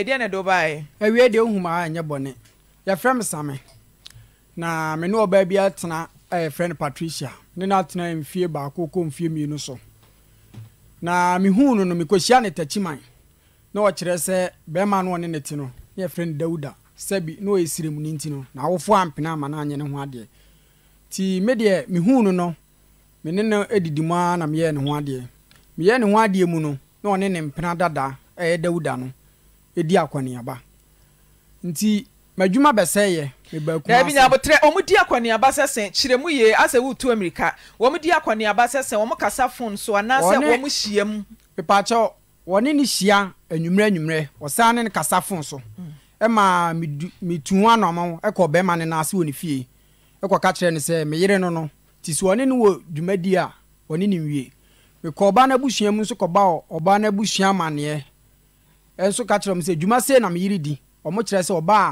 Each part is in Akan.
ɛdeɛ na ɛde wobaeɛ awie deɛ wohum a ɛnyɛ bɔne yɛfrɛ me same na me ne ɔbaa bi atena ɛyɛfrɛ no patricia ne no atena mfie baako kɔ mfie mmienu so na mehuu no no mekɔhyia ne takyiman na ɔkyerɛ sɛ bɛrima no ɔne ne te no ne yɛfrɛ no dawuda sɛbi na ɔyɛ sirem no nti no na awofoɔ ampena ama no anyɛ ne ho adeɛ mi me deɛ mehuu no no me ne no adidi mu ara na meyɛɛ ne ho adeɛ meyɛɛ ne ho adeɛ mu no na ɔne ne mpena dadaa ɛyɛ dawuda no edi akɔneaba nti madwuma bɛsɛeɛ daabi nyabotrɛ ɔmodi akɔneaba sɛ sɛ kyerɛ mu yee asɛ woretu amirika wɔmdi akɔneaba sɛ sɛ wɔm kasa fon so anaasɛ wɔm hyia m mepaakyɛw wɔne ne hyia anwummerɛ anwummerɛ ɔsaa ne no kasa fon so ma metu ho anɔma ɛkɔ bɛrima no ase wɔ ne fie ɛkɔ ka kyerɛ sɛ meyere no no nti sɛ ɔne no wɔ dwumadi a ɔne ne wie mekɔ ɔbaa no mu nso kɔba ɔbaa no abusua ɛnso ka kyerɛ m sɛ dwuma sei na meyere di ɔmo kyerɛ sɛ ɔba a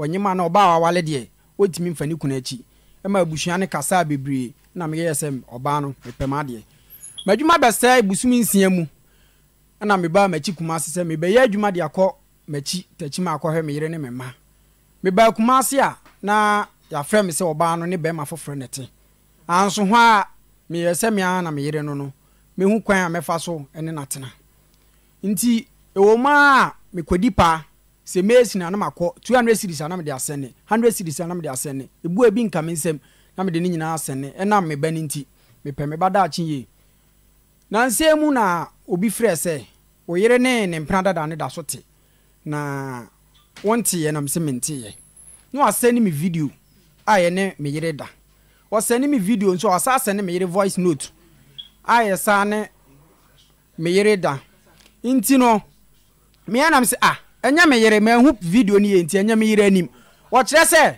ɔnyema na ɔbaa a wawale deɛ wɔtumi mfa ne kunu akyi ma abusua no kasaa bebree na meyɛyɛ sɛ ɔbaa no mepɛm adeɛ madwuma bɛsɛ busom nsia mu ɛna mebaa makyi kuma ase sɛ mebɛyɛ adwuma de akɔ makyi takyi ma akɔhwɛ me ne me mma mebaa kuma a na yɛafrɛ me sɛ ɔbaa no ne bɛrima foforɔ ne te anso ho a meyɛ sɛ me na me no no mehu kwan a mɛfa so ne natena nti ɛwɔ mu a mekɔdi paa sɛ mesin anam akɔ 200 series anam de asɛne 100 series anam de asɛne ebua bi nka me nsɛm na mede ne nyinaa asɛne ɛnam me ba nti mepɛ me daakye yie nansɛn mu na obi frɛ sɛ oyere ne ne mpena dada ne da so te na wɔnteɛ nam sɛ menteɛ na wasɛne me video a yɛne me yere da wɔsɛne me video nso wɔsa asɛne me yere voice note a yɛsa ne me yere da nti no mmea nam sɛ a ah, ɛnyɛ me yere mahu video no yɛ nti ɛnyɛ me yere anim wɔkyerɛ sɛ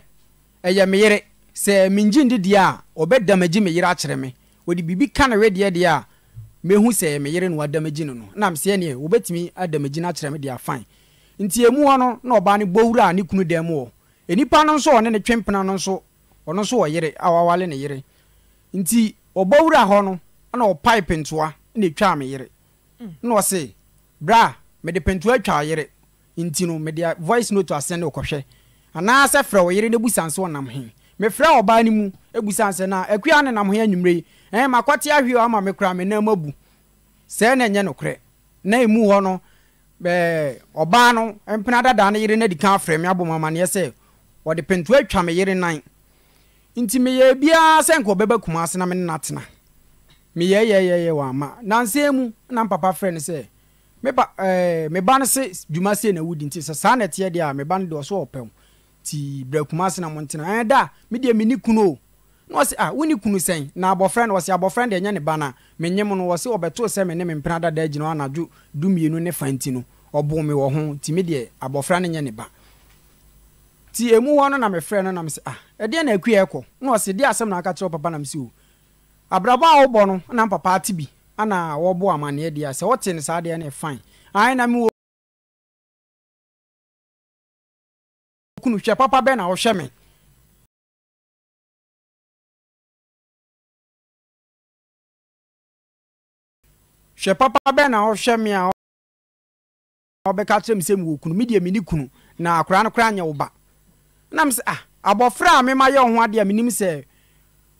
ɛyɛ me yere sɛ mengye nde deɛ a ɔbɛdamagye me yere akyerɛ me wɔde biribi ka no wedeɛ deɛ a mehu sɛ ɛyɛ me yere no wadamagye no no nam sɛ ɛneɛ wɔbɛtumi adamagye no akyerɛ me deɛ afan nti emu hɔ no na ɔbaa no bɔwura a ne kunu dan mu wɔ ɛnipa no nso ɔne ne twempena no nso ɔno nso wɔ yere a wawale ne yere nti ɔbɔwura hɔ no na ɔpipe ntoa na ɛtwaa me yere mm. na ɔse braa mede pantua atwa yere nti no mede voice note asɛne wokɔhwɛ anaasɛ frɛ wo yere no busan sɛ ɔnam he mefrɛ ɔbaa no mu abusan sɛ na akua ne nam he anwummerɛ yi eh, makɔte ahwee ama me kora me nam abu sɛɛ na ɛnyɛ nokorɛ na ɛmu hɔ no ɔbaa no mpena dadaa no yere no adi ka frɛ me abom amanneɛ sɛ ɔde pantua atwa me yere nan nti meyɛ biara sɛ nka ɔbɛba kuma ase na me nnatena meyɛyɛyɛyɛ wɔ ama nansɛ mu na mpapa frɛ no sɛ Eh, meba ɛɛ meba no se dwuma se na wudi nti sɛ saa na ɛteɛ deɛ a meba no deɛ ɔso ɔpɛm ti brɛkuma ase na mo ntena ɛn da mi deɛ mi ni kunu o na wɔsi a ah, wuni kunu sɛn na abɔfra no wɔsi abɔfra deɛ nyɛ ne ba na me nye mu no wɔsi ɔbɛto sɛ me ne me mpena dada gyina anadwo du mmienu ne fan ti no ɔbu mi wɔ ho ti mi deɛ abɔfra no nyɛ ne ba ti emu hɔ no na me frɛ no na me sɛ ah ɛdeɛ na ekui ɛkɔ na wɔsi deɛ asɛm na aka papa na me si o abrabɔ a na papa ati ana wɔbɔ amanneɛ deɛ sɛ wɔte no saa deɛ no fine ae na mewɔ kunu hwɛ papa bɛɛ na wɔhwɛ me hwɛ papa bɛɛ na wɔhwɛ me a ɔbɛka kyerɛ me sɛ mewɔ kunu medeɛ kunu na akora no koraa nyɛ wo ba ah a mema yɛ wo ho adeɛ a menim sɛ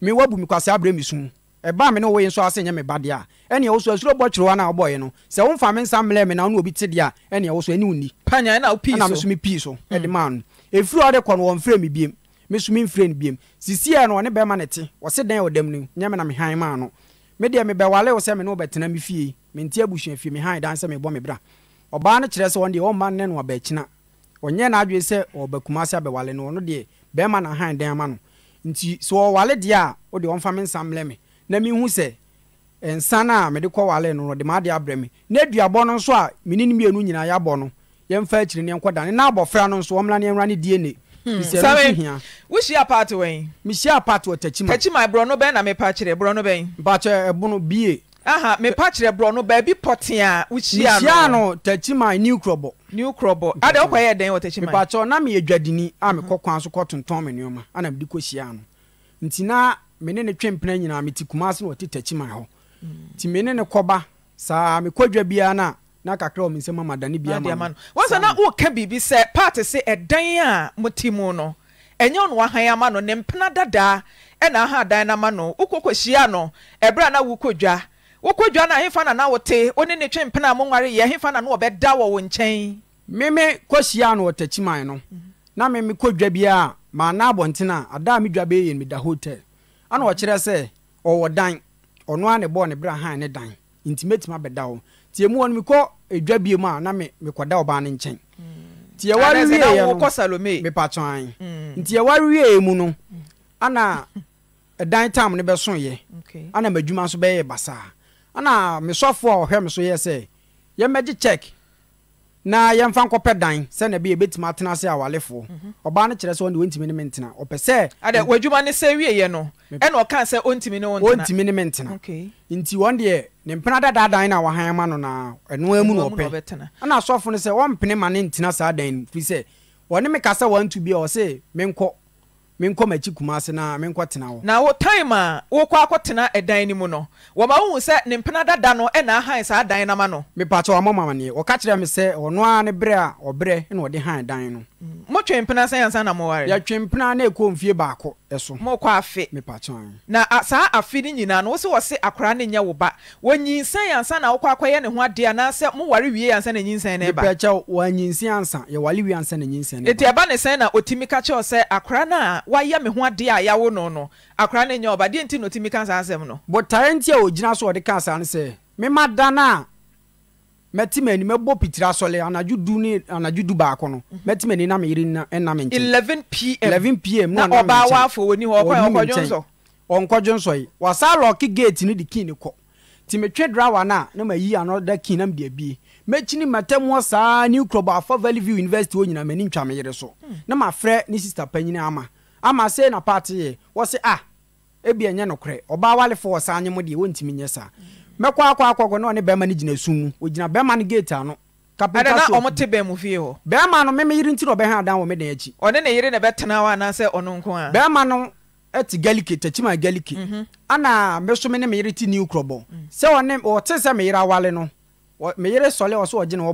me wabu mi kwasi abrɛ mi sun ɛbaa me ne wɔyɛ nso ase nyɛ me ba deɛ a ɛnea wo so asuro bɔ kyerɛwa no a wobɔyɛ no sɛ womfa me nsa mmlɛ me na wo ne obi te deɛ a ɛnea wo so ɛne wo ni ɛna me so me pii so mm. ɛde maa no ɛfiri ɔde kɔ no wɔmfrɛ me biem me mi memfrɛ no biem sisiɛ no ɔne bɛrima ne te wɔse dɛn ɔdam ni nyɛ me na mehan maa no me deɛ mebɛwale wo sɛ me ne wobɛtena me fie menti abusua fie mehan dan sɛ mebɔ me bra ɔbaa no kyerɛ sɛ ɔn deɛ ɔmma nnɛ no abaakyina ɔnyɛ n'adwene sɛ ɔbɛkuma ase abɛwale no na han dan ama nti sɛ ɔwale deɛ a wode ɔmfa me nsa mmerɛ me na mehu sɛ nsa no a mede kɔ wale no no de maade abrɛ me na aduabɔ no nso a mene no mmienu nyinaa yɛabɔ no yɛmfa akyiri ne yɛnkɔ dane na abɔfra no nso ɔmmra ne ɛmra ne die ne wohyia apaato wɛn mehyia apaato ɔtakyima takyima borɔ no bɛn na mepa kyerɛ borɔ no bɛn mpakyɛ ɛbono bie aha mepa kyerɛ borɔ no baabi a wohyiaa no tachiman new krɔbɔ new krɔbɔ ade dɛn wɔ tachiman mepa kyɛw na meyɛ dwadini a mekɔ kwan so kɔtontɔn me ana mede kɔhyiaa no nti na me ne ne nyinaa wɔte tachiman hɔ nti me ne kɔba saa na kakra nsɛm ama ma na biribi sɛ ɛdan a mu no ɛnyɛ wahan ama no ne mpena dadaa ɛna aha ama wokɔdwa no ahefa na wote wo ne ne twe mpena yɛ na na wɔ wo nkyɛn meme kɔsiaa no wɔtakyiman no mhm. na meme kɔdwa biaa maana abɔntene a hotel ana ɔkyerɛ sɛ ɔwɔ dan ɔno a ne bɔɔ ne berɛ han ne dan nti mɛtumi abɛda wo nti ɛmu hɔ no mekɔ ɛdwa a na mekɔda ɔbaa no nkyɛn nti ɛware wieɛ no mm. nti ɛware wieɛ mu no mm. ana ɛdan tam no ana madwuma nso bɛyɛ ana mesɔfoɔ a ɔhwɛ me so yɛ sɛ yɛmmɛgye check na yɛmfa nkɔpɛ dan sɛna bi yɛbɛtumi atena ase awalefoɔ mhm. ɔbaa no kyerɛ sɛ ɔne wɔntumi ne me ntena ɔpɛ sɛ adɛ w'adwuma ne sɛ wieɛ no ɛna ɔka sɛ ɔntumi ne ɔntumi ne me nti wɔn deɛ ne mpena dadaa dan na a wahan ma no na ɛno amu na ɔpɛ ɛna asɔfo no sɛ wɔmpene ma ne ntena saa dan no firi sɛ wɔne meka sɛ wɔnto bi a ɔse menkɔ menkɔ m'akyi kumase na menkɔ tena hɔ na wo time a wokɔ akɔtena ɛdan no mu no wɔma wohu sɛ ne mpena dada no ɛna ahan saa dan nama no mepakyɛ wɔamɔ mamanneɛ wɔka kyerɛ me sɛ ɔno a ne berɛ a ɔberɛ na ɔde han dan no motwe mpena na moware yɛtwe na ɛkɔ mfie baako ɛso mokɔ afe na saa afe no nyinaa no wo sɛ wɔse akora ne nyɛ wo ba na wokɔ akɔyɛ ne ho anaasɛ moware wie na nyinsɛn no ansa yɛwale wie na nyinsɛn no ɛba ne sɛn na ɔtumi ka kyɛw sɛ akora no a wayɛ me ho adeɛ a yɛawo no no akora ne nyɛ wo ba deɛ nti na ɔtumi ka saa asɛm no nti a ɔgyina so ɔde ka saa no sɛ mema da no a mɛti mɛ ni mɛ bɔ pitiri asɔlɛ anaju du ni anaju du baako no mhm. mɛti ni na mi yiri na ɛna nkyɛn. eleven pm eleven pm na ɔba awa afɔ woni hɔ ɔkɔ ɔkɔ jɔnsɔ. ɔnkɔ jɔnsɔ yi wasa lɔki gate ni di kii ni kɔ tìmɛtwe drawa na ne ma yi another kii na mi de ebie mɛkyini saa new club afa valley view university wo nyina mɛ ni ntwa mi yiri so hmm. ne ma frɛ ne sista panyin ama ama se na paati yɛ wɔsi a ah, ebi ɛnyɛ nokorɛ ɔbaa wale fɔ ɔsan nye mo deɛ wɔntumi nyɛ saa. Hmm. mɛkɔ akɔ akɔkɔ na ɔne bɛrima na gyina su ogyina bɛrima gate ano ɔmote bɛn mu fie hɔ bɛrima no meme yere nti na ɔbɛha adan wɔ me dan akyi ɔne ne yiri na ɛbɛtena hɔ anaasɛ ɔno nko a bɛrima no ɛte galike takyima galike mhm. ana meso ne me ti te kurɔbɔ ɔne ɔte sɛ awale no sɔle ɔgye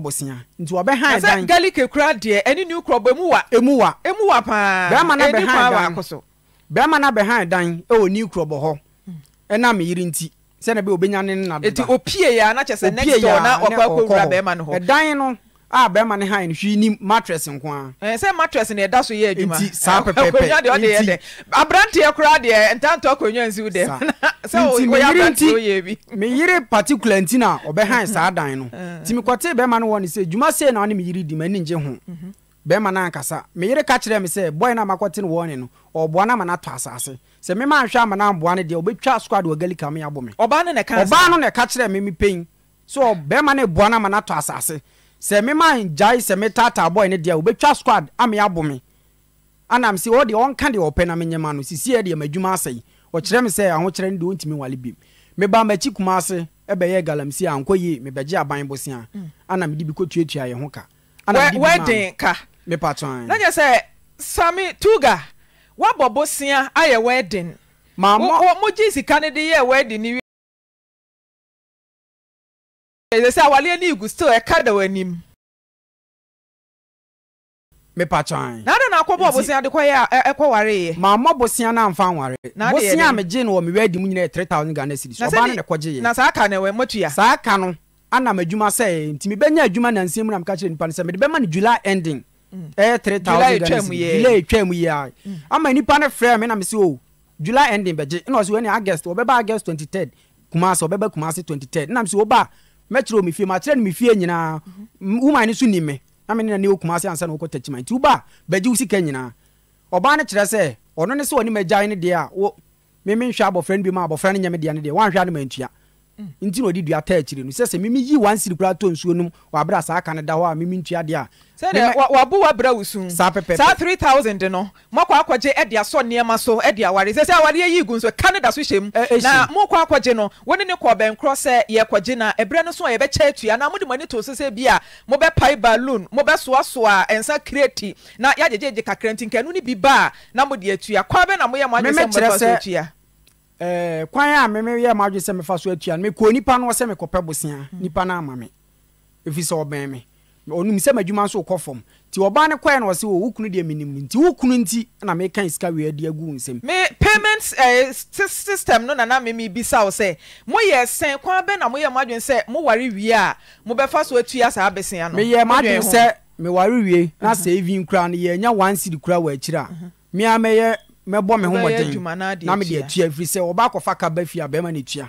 nti dan sɛ na bi obenya ne na deda eti opie ya na kyɛ sɛ next door na ɔkɔ akɔ wura bɛrima no hɔ ɛdan no a bɛrima ne han no ni mattress nko a. ɛn sɛ mattress ni ɛda so yɛ adwuma nti saa pɛpɛpɛ akonnwa deɛ ɔde yɛ dɛ aberanteɛ koraa deɛ ntantɔ akonnwa nsiw dɛ sɛ ɔyɛ aberanteɛ oyɛ bi. mi yiri particular nti na ɔbɛhan saa dan no timikɔte bɛrima no wɔ ne sɛ dwuma se na ɔne mi yiri di ma ɛni ngye ho mhm. bɛrima no ankasa mi yiri ka kyerɛ mi sɛ bɔyɛ na ma kɔ te ne no ɔboa na ma na to asase sɛ mema nhwɛ amana mboa no deɛ wobɛtwa squad wɔ galika me abɔ me ɔbaa no na ɛka kyerɛ me mepɛn so bɛrima no boa no ama no atɔ asase sɛ mema ngyae sɛ metaataa bɔe no deɛ wobɛtwa squad ame abɔ me anam sɛ ɔdeɛ ɔnka deɛ ɔpɛ na menyɛma no sisiɛ deɛ madwuma asɛi ɔkyerɛ me sɛ ahokyerɛ no deɛ ɔntumi wale bim meba makyi kuma ase ɛbɛyɛ galamsey ankɔ yie mebɛgye aban bosea mm. ana mede bi kɔtuatua yɛ ho ka wɛden ka mepa na nyɛ sɛ same tuga woabɔ bosea ayɛ w'adin mogye sika no de yɛɛ w'adin ne ɛsɛ sɛ awaleɛ no igu still ɛka da w'anim mepakyan na ada na akɔbɔ bosea de kɔyɛ a ɛkɔ wareeɛ mammɔ bosea no amfa nware bosea a megye no wɔ mewɛ adi mu nyinaa yɛ 3000 ghana cities ɔbaa na ne kɔgye yɛ na saa ka no ɛwɛ matua saa ka no anam adwuma sɛ nti mebɛnya adwuma nansia mu na meka kyerɛ nnipa no sɛ mede bɛma no july ending ɛyɛ mm. eh, three thousand ghana july etwa mu yie a ama nipa ne frɛ mi na mi si o oh, july ending bɛgye ɛna ɔsi wɛni august ɔbɛba august twenty third kumasi ɔbɛba kumasi twenty third ɛna mi si ɔba mɛkyerɛ omi fie makyerɛ mi fie nyinaa mhm. woman ni so ni mi na mi ni na ne wo kumasi ansa na ɔkɔ tɛkyima nti ɔba bɛgye wusi kɛ nyinaa ɔbaa ne kyerɛ sɛ ɔno ne sɛ ɔne mɛgya ne deɛ a wo mimi nhwɛ abɔfra no bi ma abɔfra no nyɛ me deɛ ne deɛ wanhwɛ ano ma ntua mm. nti na ɔde dua taa akyire no sɛ sɛ mimi yi wansiri koraa tɔ nsuo nom wɔ aberɛ a saa ka da hɔ a mimi ntua deɛ a sɛdɛwbowbrɛwo ssaa3000 no mkɔakɔgye de asɔ nneɔma so dewreɔgye no wone ne kɔbɛn krɔ sɛ yɛkɔgye no berɛ no so a yɛbɛkyɛ atua namode moani too se sɛ bi a mobɛpae baloon mobɛsoasoa nsa krete ngygyegye kakra ntino bba namodetnmeekyerɛ sɛ kwan a meme yɛ m adwe sɛ mɛfa so atua no mekɔ nnipa no wɔsɛ mekɔpɛ bosea hmm. nnipa no ama me ɛfisɛ wɔbɛn me ɔnum sɛ madwuma nso wokɔ fam nti ɔbaa no kɔɛ na ɔse wɔ wo kunu deɛ menim nti wo kunu nti na meka sika wei adi agu nsɛm me payment uh, system no nana memebisa wo sɛ moyɛ sɛn kwan bɛ na moyɛ mo adwene sɛ moware wie a mobɛfa so atua saa bɛsea no meyɛ m'adwene sɛ meware wie na uh-huh. sɛ ɛvin koraa no yɛanya one seed koraa wɔ akyiri a uh-huh. mea mɛyɛ mɛbɔ me ho mmɔden na mede atua ɛfiri sɛ ɔbaa kɔfa ka ba fie a bɛrima no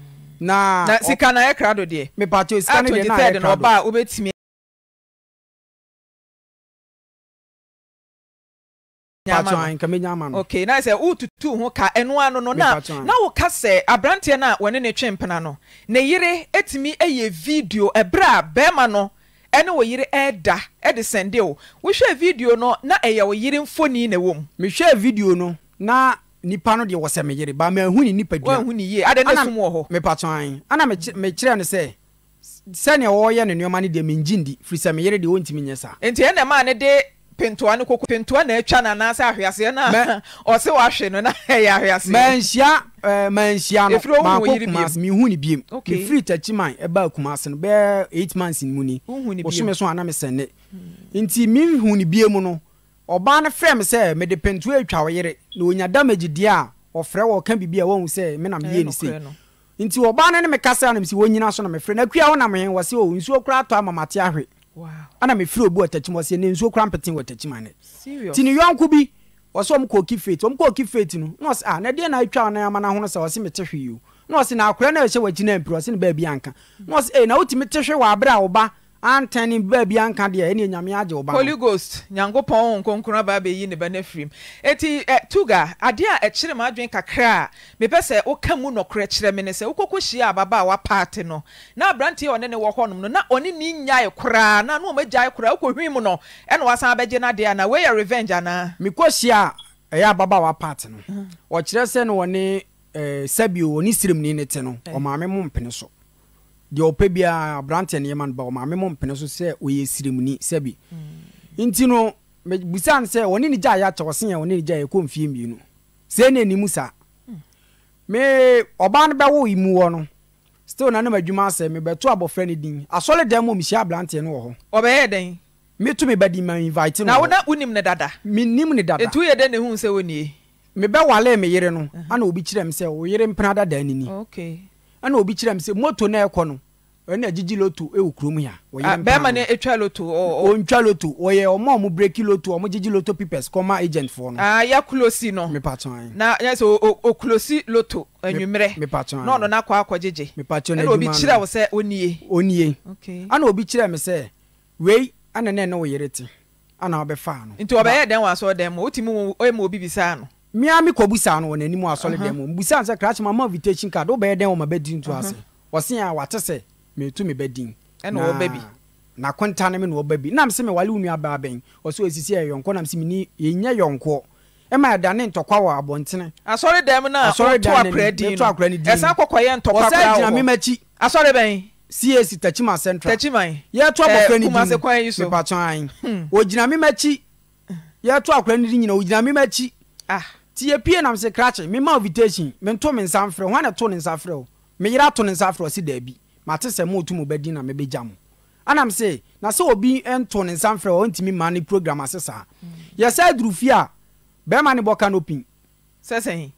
na na sika na yɛ kra do deɛ mepatio sika no deɛ na yɛ kra do a twenty third na ɔba a wobɛtumi pàtó àyìn kàmi nyà ok na sɛ wotutu ho ka ɛno ano no na na wo ka sɛ aberanteɛ no a wɔne ne twe no ne yere etumi ɛyɛ video ɛbrɛ a bɛrima no ɛne wɔ yere ɛɛda ɛde sɛnde wohwɛ video no na ɛyɛ wɔ yere mfoni na ɛwɔ mu. mehwɛ video no na nipa no deɛ wɔsɛ meyere ba mahu ne nipaduaanamepatwan me ana mekyerɛ no sɛ sɛnea wɔyɛ ne nneɔma no deɛ mengye ndi firi sɛ meyere deɛ wɔntumi nyɛ saa nti ɛnɛ maa ne de pentoa no koko pentoa na atwa no anaasɛ ahweaseɛ no ɔse wahwe no na ɛyɛ ahweaseɛ manhyia eh, manhyia no maakɔ kumase mehu ne biem mefiri takyi man ɛbaa kumase no bɛɛ 8 months mu ni wosome so ana mesɛnne nti mehu ne bie mu no ɔbaa no frɛ me sɛ mede pentua atwa wo yere na ɔnya damage deɛ a ɔfrɛ wɔ ɔka biribi a wɔhu sɛ me yie no sei nti ɔbaa no ne mekasa nam sɛ wɔnyina so na mefrɛ no akua wo nam he wɔ se o oh, nsuo kora atɔ ama mate ahwe ana mefiri obi wɔtakyim wɔ se ne nsuo kora mpete wɔtakyim ane nti ne yɔnko bi wɔsɛ ɔm kɔɔki fate ɔm kɔɔki fate no na ɔsɛ a ah, na deɛ na atwa wo na ama no ho no sɛ ɔse mete o na ɔse na akora no a ɛhyɛ w'akyi no ampiri ɔse ne baabi anka na ɔse e na wotumi te hwe wɔ aberɛ a woba antani baabi anka deɛ ɛne nyame agye wo ba holy ghost nyankopɔn wo nkonkron abaa bɛyi ne ba no afirim ɛti tuga adeɛ a ɛkyere m adwene kakra a mepɛ sɛ woka mu nɔkorɛ kyerɛ me ne sɛ wokɔkɔ hyia ababa a wapaate no na aberanteɛ ɔne ne wɔ hɔnom no na ɔne ne nyae koraa na na ɔmagyae koraa wokɔhwii mu no ɛna wasan bɛgye no adeɛ anaa woyɛ revenge anaa mekɔhyia a ɛyɛ ababa a wapaate no mm. ɔkyerɛ sɛ no wɔne sabio ɔne siremni ne te no ɔmaame mo mpene so deɛ ɔpɛ biara aberante nneɛma no ba wɔ maame mo mpene so sɛ ɔyɛ siremuni sɛbi nti no bisa no sɛ wɔne ne gya ayɛ akyɛ ɔsen a wɔne ne gya ayɛ kɔ mfie mmienu sɛ ne anim saa me ɔbaa no bɛwo yi mu wɔ no still na nam adwuma asɛ mebɛto abɔfra no din asɔre dan mu mehyia aberanteɛ no wɔ hɔ ɔbɛyɛ dɛn meto mebɛdi ma invite na wona wonim ne dada menim ne dada ɛtu yɛ dɛn ne hu sɛ wɔnie mebɛwale me yere no ana obi kyerɛ m sɛ wo yere mpena dada nini okay ɛna obi kyerɛ me sɛ moto na ɛkɔ no ɛna gyigyi loto ɛwɔ kurom ya ah, bɛrima no ɛtwa loto ɔntwa loto ɔyɛ ɔma ɔmo breki loto ɔmo gyigyi loto pipers kɔma agent foɔ no ah, yɛ kulosi no mepatɔn na yɛ sɛ okulosi loto anwummerɛ mepatɔn na ɔno no akɔ akɔ gyegye mepatɔn na obi kyerɛ wo sɛ ɔnie Okay. ɛna obi kyerɛ me sɛ wei ana ne ne wo yere te ana ɔbɛfa no nti ɔbɛyɛ dɛn wɔ asɔɔdan mu wotumi mu ɔyɛ ma obi bisaa no mmea mi kɔ busa no wɔ n'anim asɔre dɛm mu busa sɛ krakye mama invitation card wobɛyɛ dɛn wɔn abɛdi tu ase wɔsi a wate mi metu me bɛdin ɛna wɔbɛ bi na kwanta ne me na wɔbɛ bi nam sɛ me wale wunu abaa bɛn wɔsɛ osisi yɛ yɔnko nam sɛ me ni yɛnyɛ yɔnko ɛma ɛda ne ntɔkwa wɔ abɔntene asɔre dɛm na asɔre dɛm ne akora din no ɛsan kɔkɔ yɛ ntɔkwa kora wɔ wɔsɛ gyina mímɛ akyi asɔre bɛn cac tachima central tachima yɛto abɔfra ne din mepatɔn ayin ogyina mímɛ akyi yɛto akora ne din nyina ogyina mímɛ akyi ah ti yɛ pie nam sɛ krakye mema invitation mento me nsa mfrɛ hɔ na to ne nsa frɛ o meyera ato ne nsa frɛ ɔse daabi mate sɛ mootu mo bɛdin na mebɛgya mo anam se na sɛ obi nto ne nsa mfrɛ ɔntumi ma ne program ase saa mm. yɛsɛ aduru fie a bɛrima ne bɔ canopy sɛ sɛn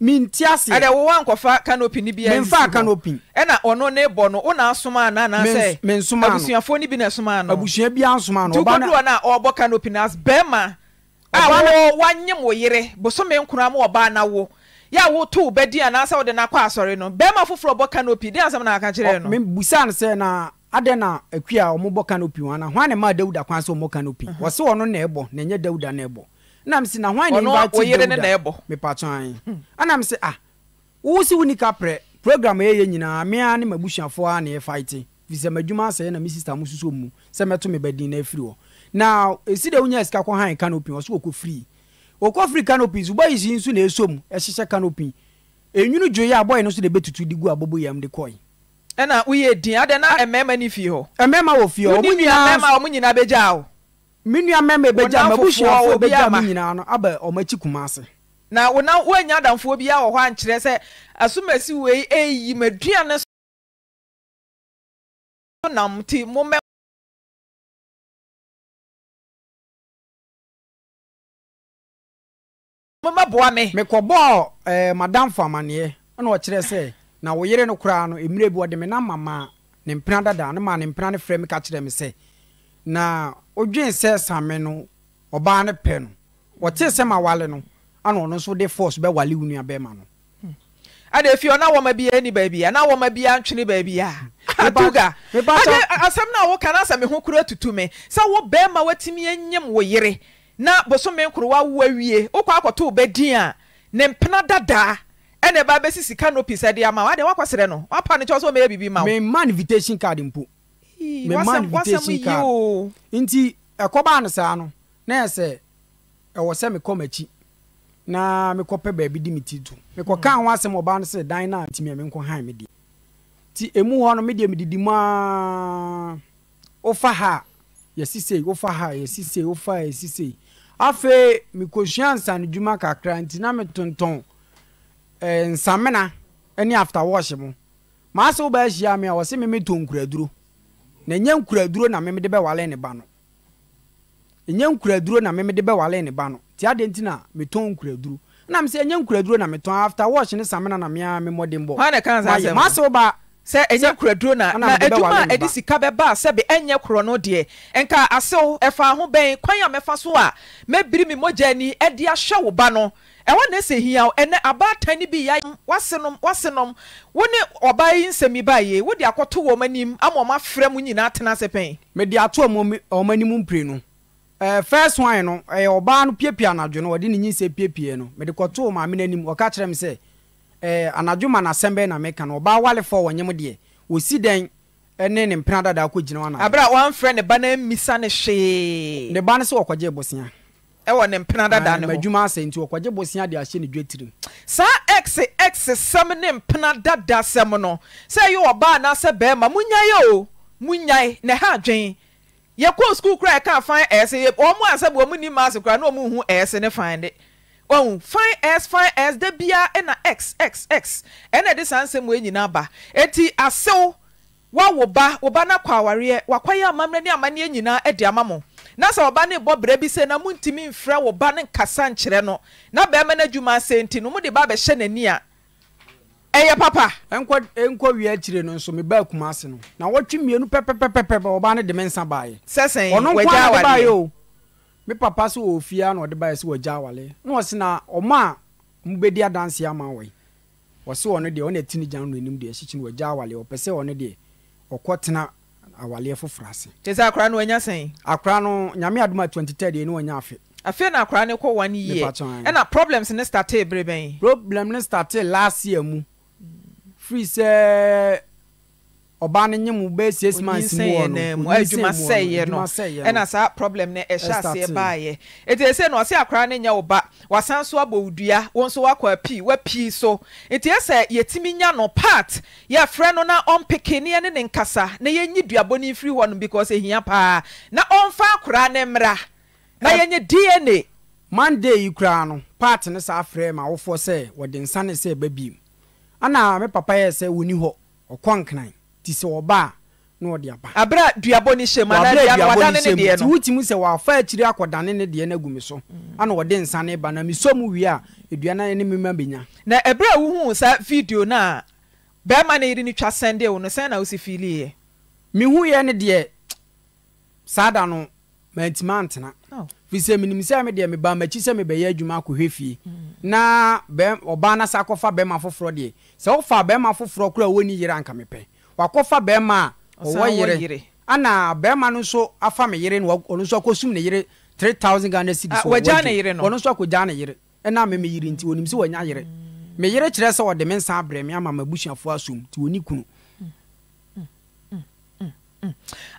minti ase ɛdɛ wo wa nkɔfa canopy ni bi a mfa canopy ɛna ɔno ne bɔ no ona asoma ana ana sɛ mensoma no abusuafoɔ ni bi na asoma no abusua bi ansoma no ɔba na tukɔdu ɔna ɔbɔ canopy na bɛrima awo wanyem wo yere bosome nkura mu ɔbaa na ya yà wò tó o bẹ di n'akọ asọrị nọ bẹẹma foforọ bọ kanopi na adẹ na ekui a ọmọ bọ kanopi wọn na dawuda kwan kanopi na ẹbọ na ẹnyẹ dawuda na ẹbọ ẹnam na na ti dawuda hmm. sị ah, a wusi program nyinaa mmea na yẹ faiti fisẹ mẹdwuma asẹ na sista naɛsi dɛa wonya asika kɔ han kan o pii ɔsɛ wɔkɔ frii wɔkɔ frii kanopin so bɔyihyei so na ɛsom ɛhyehyɛ kano pi nwunu dwoeɛ bɔe no nso ne bɛtutu di gu a bɔbɔ iam de kɔi ɛna woyɛ ad na mma nfe hɔ maeemaam nyinaa no ab ɔmakyi kuma asewonya adamfoɔ bia wɔ hɔ nkyerɛ sɛ asomsi iyi maan nm tim mobɛboa me mekɔbɔɔ eh, madamfo amanneɛ na ɔkyerɛ sɛ na wo yere no koraa no mmerɛ bi ɔde me na ma maa ne mpena dada ne maa ne mpena no frɛ me ka kyerɛ sɛ na odwen sɛ same no ɔbaa no pɛ no sɛ ma wale no ɔno nso de force no hmm. a na wɔma bia baabi a atuga ade asɛm no a woka asɛ me ho tutu me sɛ wo bɛrima woatumi anyam wo na bosome nkorowa wo awie wokɔ akɔto wobɛdin a ne mpena dadaa ɛna ɛba bɛsi sika nopis ɛde ama wadeɛ wakɔserɛ no wapa no kyɛw sɛ womɛyɛ biribi ma wo mema no invitation card mpo mema no invitation card nti ɛkɔbaa no saa no na ɛsɛ ɛwɔ sɛ mekɔ m'akyi na mekɔpɛ baabi di me ti to mekɔka ho asɛm ɔbaa no sɛ dan no a ntimi a menkɔ han me deɛ nti ɛmu hɔ no medeɛ medidi mu a wofa ha yɛsi sei wofa ha yɛsi sei wofa ha yɛsi sei afei mekosua nsanedwuma kakra nti na metontɔn eh, nsamena ne after wash mu maa sɛ wobaa ahyia mi a wɔse me metɔ nkuraduro na ɛnyɛ nkuraduro na memede bɛwale ne ba no ɛnyɛ nkuraduro na memede bɛwale ne ba no nti adeɛ nti na metɔn nkuraduro nam sɛ ɛnyɛ nkuraduro na metɔn after wash ne samena na mea memmɔden bɔ maa sɛ wobaa sɛ ɛnyɛ koraduro na na adwuma a ɛde sika bɛbaa sɛbe ɛnyɛ korɔ no deɛ ɛnka asew ɛfa ho bɛn kwan a mɛfa so a mɛbiri me mogya ni ɛde ahwɛ wo ba no ɛwɔ na ɛsɛ hia ɛnɛ abaatan no bi ya wasenom wasenom wone ne ɔbaa yi nsɛm yi baayɛ wode akɔto wɔn anim ama ɔma afra mu nyinaa tena ase pɛn. mede ato ɔmo ɔmo anim mpire no ɛɛ first one no ɛyɛ ɔbaa no piepie anadwo no ɔde ne nyinsɛ piepie no mede kɔto maame no anim ɔka kyerɛ me sɛ ɛɛ eh, anadwo ma n'asɛm bɛyɛ na mɛka no ɔbaa walefoɔ wɔ nyɛm deɛ osi dɛn ɛne ne mpena dada akɔ gyina wɔn na. abira wɔnfrɛ ne ba na mmisa ne hwee. ne ba ne sɛ wɔkɔgye bosia. ɛwɔ ne mpena dada ah, ne ho adwuma asɛ nti wɔkɔgye bosia de ahyɛ ne dwa tirim. saa x x sɛm ne mpena dada sɛm no sɛ ɛyɛ ɔbaa anaasɛ bɛrima munyae o munyae na ɛha adwen yɛkɔ sukuu kora ɛka afan ɛɛsɛ wɔn asɛ bɔ wɔn ni maase ɔhu fine s fine s da biaa ɛna x ɛna ɛde saa nsɛm wɔ nyina ba ɛnti asew woawo ba wo ba no akɔ awareɛ wakwayɛ amammerɛ ne amanneɛ nyinaa ɛde ama mo na sɛ wɔba ne bɔ brɛ bi sɛ na montumi mfrɛ wo ba ne nkasa nkyerɛ no na bɛrima no adwuma asɛ nti no de ba bɛhyɛ n'ani a ɛyɛ papa nkɔ wie akyire no nso mebaa kuma ase no na wɔtwe mmienu pɛpɛpɛpɛpɛ ɔba ne de me nsa baeɛ sɛ sɛ ɔno nko a baeɛ o me papa sɛ wɔ fie a na ɔde baeɛ sɛ wɔgya awale na ɔse na ɔma a mubɛdi adanse ama wɔi wɔse ɔno deɛ ɔne ɛti no gya no anim deɛ ɛhyekyi no wɔgya awale ɔpɛ sɛ ɔno deɛ ɔkɔ tena awaleɛ foforɔ ase kyɛ sɛ akora no wanya sɛn akora no nyame adom a 23 deɛ ne wanya afe afe na akora ne kɔ one year ɛna problems ne startee bere bɛn problem ne startee last year mu firi sɛ ɔbaa no nye mu bɛɛ six months mu wɔ no adwuma sɛyɛ no ɛna saa problem no ɛhyɛ aseɛ baayɛ ɛti ɛsɛ no ɔsɛ akora no nyɛ ɔba wasan so abɔ wo dua wɔn nso wakɔ apii wapii so ɛti ɛsɛ yɛtumi nya no part yɛfrɛ no na ɔmpeke neɛ ne ne nkasa na yɛnyi duabɔ no mfiri hɔ no because ɛhia paa na ɔmfa akora ne mmra na yɛnye dna monday yi koraa no part ne saa frɛ ma awofoɔ sɛ wɔde nsa ne sɛ ɛba biem ana me papa yɛ sɛ wɔni hɔ ɔkɔ nkenan ti sɛ ɔba a na ɔde aba. abira duabɔ ni se mu ana duabɔ wadane ne deɛ no. tiwuti mu sɛ wafa akyire akɔdane ne deɛ na gu so mm. ana ɔde nsa ne ba na miso so mu wie a aduane ne mima benya. na ebere a sa video na bɛrima na yiri ni twa sɛnde wo no sɛn na osi fiili yɛ. mihu yɛ ne deɛ saa da no mɛntima ntena oh. fisɛ minim sɛ mi deɛ meba m'akyi sɛ mebɛyɛ adwuma akɔhwɛ fie mm. na ɔbaa no sa kɔfa bɛrima foforɔ deɛ sɛ wofa bɛrima foforɔ kora wɔni yere anka mepɛ wakɔfa bɛrima a ɔwɔ yere ana bɛrima no nso afa me yere no ɔno nso akɔsum ne yere three thousand ghana cedis ah, wɔgya ne yere no ɔno nso akɔgya ne yere ɛna me me yere nti onim sɛ wɔnya yere me yere kyerɛ sɛ wɔde me nsa abrɛ me ama m'abusuafoɔ asom nti wɔni kunu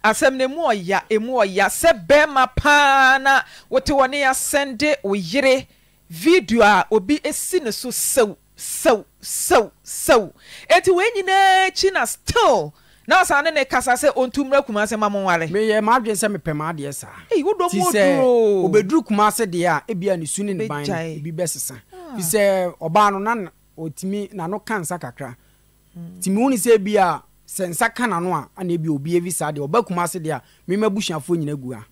asɛm no mu ɔya emu ɔya sɛ bɛrima paa na wote wɔ ne yasɛnde wo yere video a obi esi ne so sew sew sew sew Etu wei nyinaa akyi na still na ɔsan ne ne kasa sɛ ɔntumra kumase ma mo nware. meyɛ maa dwen sɛ mepɛ maa deɛ saa. eyi wo dɔn mo duro. obeduru kumase deɛ a ebi a ne su ne ne ban no ebi bɛ sisan ah. fi sɛ ɔbaa no na otimi n'ano ka nsa kakra timi wuni sɛ ebi a sɛ nsa ka n'ano a ana ebi obi evi saa deɛ ɔbɛ kumase deɛ a mema busuafo nyina gu ha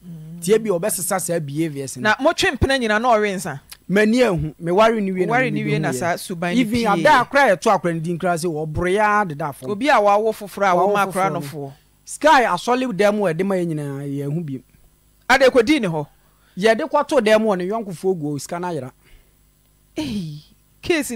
tie bi ɔbɛ sisa saa behaviors. na mo twe mpene nyina na ɔwe nsa. araɛtoakn disɛɔborɛadedabiww foforɔmakranfoɔsk asɔle dmmanynb adekɔdii ne hɔ yɛde kɔto damwɔnenkfoɔ gsikanyraksi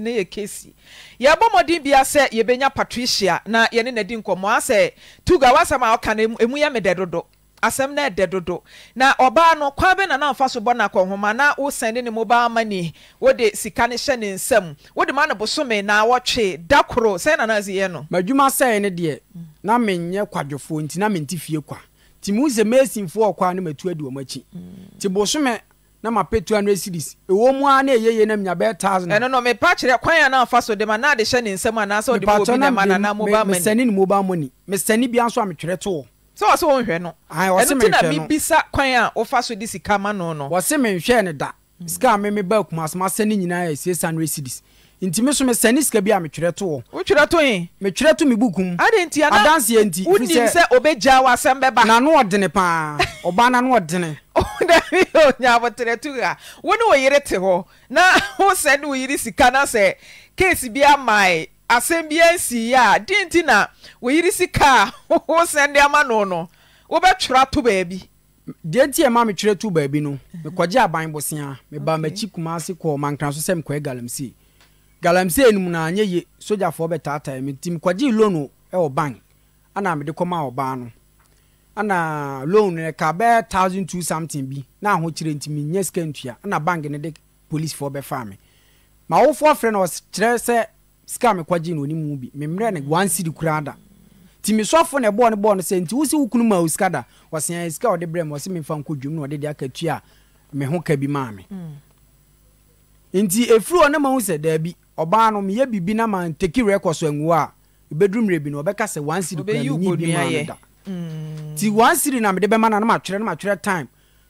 nyɛ ksi yɛbɔ mmɔdin bia sɛ yɛbɛnya patricia na yɛne na di kɔmma asɛ tu ga wasɛma ɔka nemu yɛ medɛ dodo asɛm no ɛdɛ dodo na ɔbaa no kwan bɛ na afa so bɔ no akɔnhoma na wosɛne ne mobile money wode sika no hyɛ ne nsam wode ma no bosome na wɔtwe da koro sɛ na ase yɛ no madwuma sɛe ne deɛ na menyɛ kwadwofoɔ nti na mente fie kwa nti mehu sɛ mesinfoɔ ɔkwa no matu adi ɔm akyi mm. nti bosome na mapɛ 200 series ɛwɔ mu a na ɛyɛyɛ na menya bɛɛ 1000 ɛno no mepa kyerɛ kwan a na afa so de ma na ade hyɛ ne nsam anaasɛ wode bɔbi ne ma nana mobile money mesɛne ne mobile money mesɛne bia nso a metwerɛ to wɔ sɛ wɔ sɛ wɔnhwɛ no ɛno nti na mebisa kwan a wofa so de sika ma no no wɔse menhwɛɛ no da mm. sika a meme ba akuma asoma sɛ no nyinaa yɛ sie sa no residies nti me so mesɛne sika bi a metwerɛ to wɔ wotwerɛ to e metwerɛ to me bukum ade nti adanseɛ nti wonim sɛ obɛgyaa w'asɛm bɛba na no ɔdene paa ɔbaa na no ɔdene nyaboterɛ to a wo ne wo yere te hɔ na wosɛ ne wo yere sika na sɛ keesi bi amae asɛm bia nsii a de nti na woyere sika a wo sɛnde ama no no wobɛtwerɛ to baabi deɛ nti ɛma metwerɛ to baabi no mekɔgye aban bosea meba makyi kuma ase kɔɔ mankra so sɛ mekɔɛ galamsey galamsey no mu na anyɛ ye sogyafoɔ bɛtaatae me nti mekɔgyee loan ɛwɔ ban ana mede kɔmaa ɔbaa no ana loan no ɛka bɛyɛ thousand two something bi na aho kyerɛ nti menyɛ sika ntua ana bank no de policefoɔ bɛfaa me mawofoɔ frɛ no ɔkyerɛ sɛ sika mekɔgye no onimu bi memmerɛ ne wansiri koraa da nti mesɔfo na ɛbɔɔ no bɔɔ no sɛ nti wosi wo kunu ma wo sika da wɔsea sika wɔde brɛ me wɔse memfa nkɔ dwom na wɔde de aka tua me ho ka bi maa me mm. nti ɛfiri ɔ ne ma hu sɛ daabi ɔbaa no meyɛ biribi na ma nteki rɛkɔ so anguo rebi na mmerɛ bi no wɔbɛka sɛ wansiri kora bi maa no da mm. nti wansiri na mede bɛma no na matwerɛ na matwerɛ time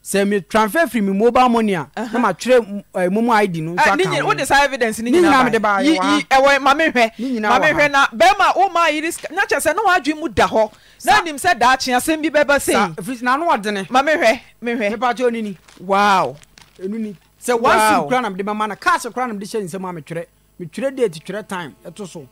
sɛ transfer from mi mobile money a na uh-huh. ma twerɛ ɛɛ eh, mumu id no nso eh, aka wo de saa evidence ni nyinaa ba de ba yi yi ɛwɔ maame hwɛ maame hwɛ na bɛrima o ma yiri na kyɛ sɛ na wa adwi mu da hɔ na nim sɛ daakye asɛm bi bɛba sɛ yi firi na ano ɔdene maame hwɛ mi hwɛ nipa kyɛ onini wow enuni sɛ wansi kura na mi de ma ma na kaasi kura na mi de hyɛ nsɛm a mi twerɛ mi twerɛ date twerɛ time ɛto so.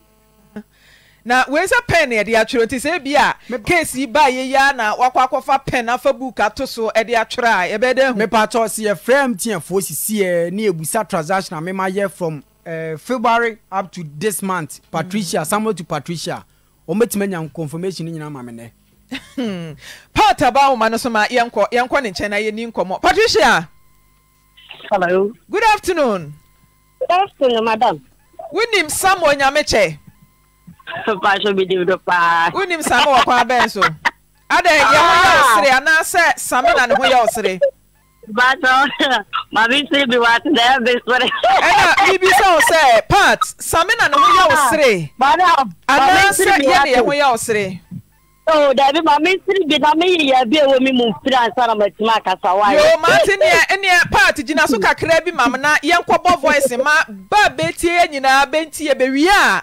na weisɛ pen ne ɛde atwerɛ nti sɛ bi a kesiyi ba yɛyia na wakɔ akɔfa pen afa bu kato so de atwerɛ a ɛbɛdɛmepa ts yɛfra mtiafoɔ sisiɛ ne ɛbusa transaction memayɛ frm eh, february pto is month mm. patricia som to patricia ɔɛtumi anya confmationno nyinamamenɛ pataba woma no hmm. somaɛyɛnkɔ ne nkyɛn nyɛni nkɔmɔ patricia good afternoon wonim sam nyamekyɛ woi am bso adɛn yɛ ho yɛw sere anaasɛ samena ne ho y wo sere bibi sɛ wo sɛ pat samena ne ho ywo sere ah, anaasɛ yɛne yɛ ho yɛ wo sere matene ne part gyina so kakra bi mame na yɛnkɔbɔ voice ma ba bɛti ɛ nyinaa bɛnti yɛbɛwia a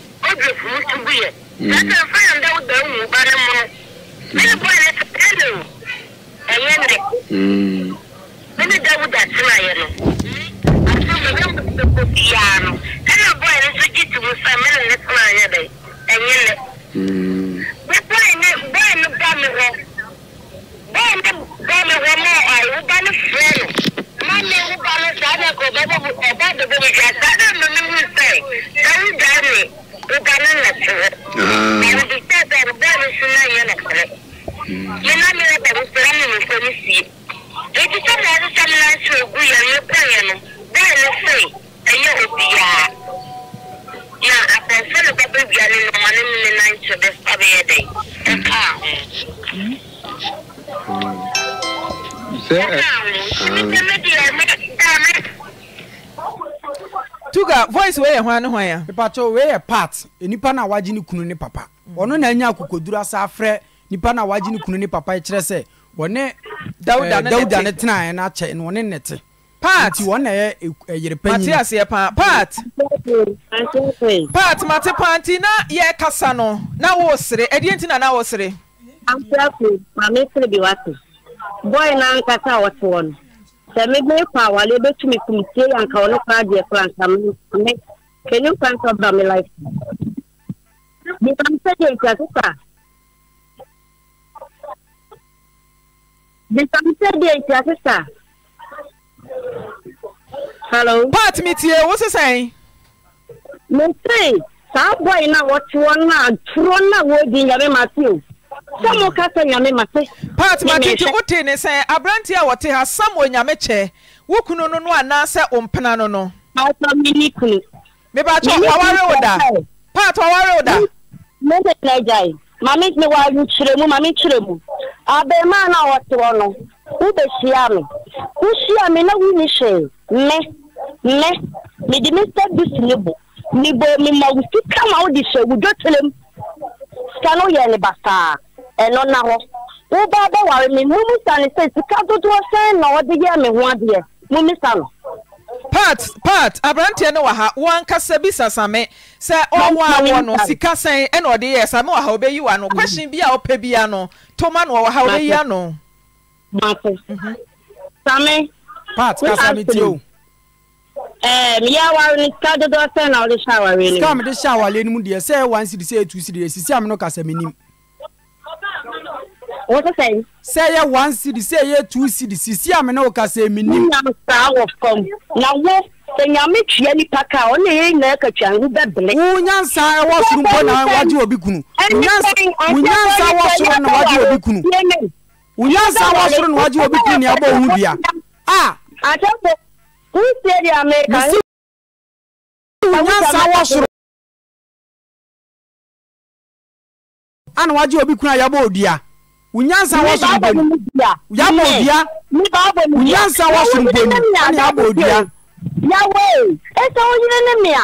ɛdi funu ɛgu yɛ mm. sɛsɛ fɛn dɛw bɛn mu bari mu ɛni bɔ yɛ ɛni o ɛyɛ nɛ ɛni mm. dɛw da tena yɛ no ati mu bɛ mu bɛ ko fiyaa no ɛni bɔ yɛ nso gyi ti yɛ hwan ne hwan ya. pepatɔ wei yɛ part nipa na wagye ne kunu ne papa mm. ɔno na anya akokoduro asa afrɛ nipa na wagye ne kunu ne papa kyerɛ sɛ wɔne dawuda eh, ne dawuda ne tena yɛn akyɛ na wɔne ne te. part nti wɔn na yɛ ɛyere eh, eh, panyin. mate aseɛ paa part. part mate paa nti na yɛ kasa no na wɔresere ɛdeɛ nti na na wɔresere. afrafo maame sere bi wate bɔi na ankasa a wɔte hɔ no sɛ mebe kɔ awale ebetumi kumtie yanka wɔn kora deɛ kora nka me eɛ detase spat metie wo se sɛe mesei saa bɔ e no wɔte wɔ no a torɔ na wɔdi nyame mateo sɛmokasɛ nyame maepat mete wotee ne sɛn aberanti a wɔte ha sam wɔ nyamekyɛ wo kunu no no anaasɛ wo mpena no no mebatɔ ɔware wo da pat ɔware wo da. mene na gya yi maame mi wa nkyerɛ mu maame nkyerɛ mu abɛɛmaa na ɔte hɔ no wobɛhyia me wohyia me na woni hyɛ me me mede me sɛ bis ne bo mebo mema wo sika ma wode hyɛ wo dwotelem sika no yɛ ne basaa ɛno na hɔ woba bɛware me momu sa ne sɛ sika dodoɔ sɛn na ɔde yɛ me ho adeɛ momi sa no part part aberanteɛ no wɔ ha wankasa bi sasame sɛ ɔwɔ awɔ no sika sɛn ɛna ɔde yɛ same wɔ ha obɛyi wa no question bi a ɔpɛ bia no toma no ɔwɔ ha obɛyi ano. same. part kasa mi tie o. ɛɛ eh, mi yɛ awari ni sika dodo sɛ na ɔde hyɛ awari ni. sika mi de hyɛ awari ni mu deɛ sɛ one siri sɛ etu siri esisi amino kasa mi nim wɔsɛ sɛn. sɛ one cd sɛ two cd sisi àmì náà kà sɛ èmi ní. nyam saa wɔ fam na wo sɛ nyame tia nipa ka ɔne yɛ nyinaa ka tia ho bɛ bere. wo nyansa ɛwɔ soro mpo na wagye obi kunu. wo nyansa ɛwɔ soro na wagye obi kunu. wo nyansa ɛwɔ soro na wagye obi kunu ni ɛbɔ ohun bia. a. àtẹ̀kọ̀ kùn sí èdè amẹ́ríkà. misi wo nyansa ɛwɔ soro. ana wagye kunu a yɛbɔ wunyansa wɔ sorongboni yabɔ odua wunyansa wɔ sorongboni ɛna yabɔ odua. yawe ɛsɛ wonyere ne mea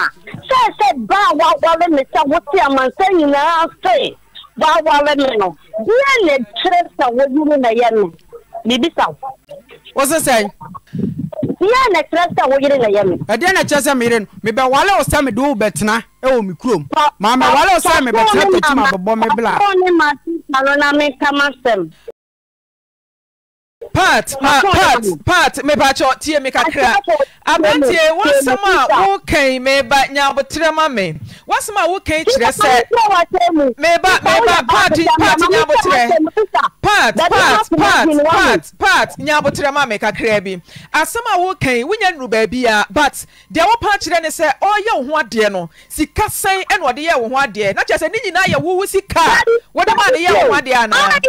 sɛ sɛ ba a waware me sɛ wote amansa nyinaa se waware me no yɛ ne kyerɛ sɛ woyere na yɛ no biribisa wo wo sesɛn deɛ na kyerɛ sɛ wo yere na na kyerɛ sɛ me no mebɛ wale wo sɛ mede wo bɛtena ɛwɔ me kurom maama wale wo sɛ mebɛtena tɛtim abobɔ me bla ne ma no na pptikakra abantie woasɛma wokameba nyabotrɛ ma me woasɛma woka kyerɛ sɛpat nyabotrɛ ma me kakraa bi asɛm a woeka wonya nuru baabia but deɛ wopa kyerɛ ne sɛ ɔyɛ wo ho ade no sika sɛn na ɔde yɛ wo ho adeɛ na kyeɛ sɛ ne nyinaa yɛ wowɔ sikaa wodamaa ne yɛ wo ho adeɛ anaa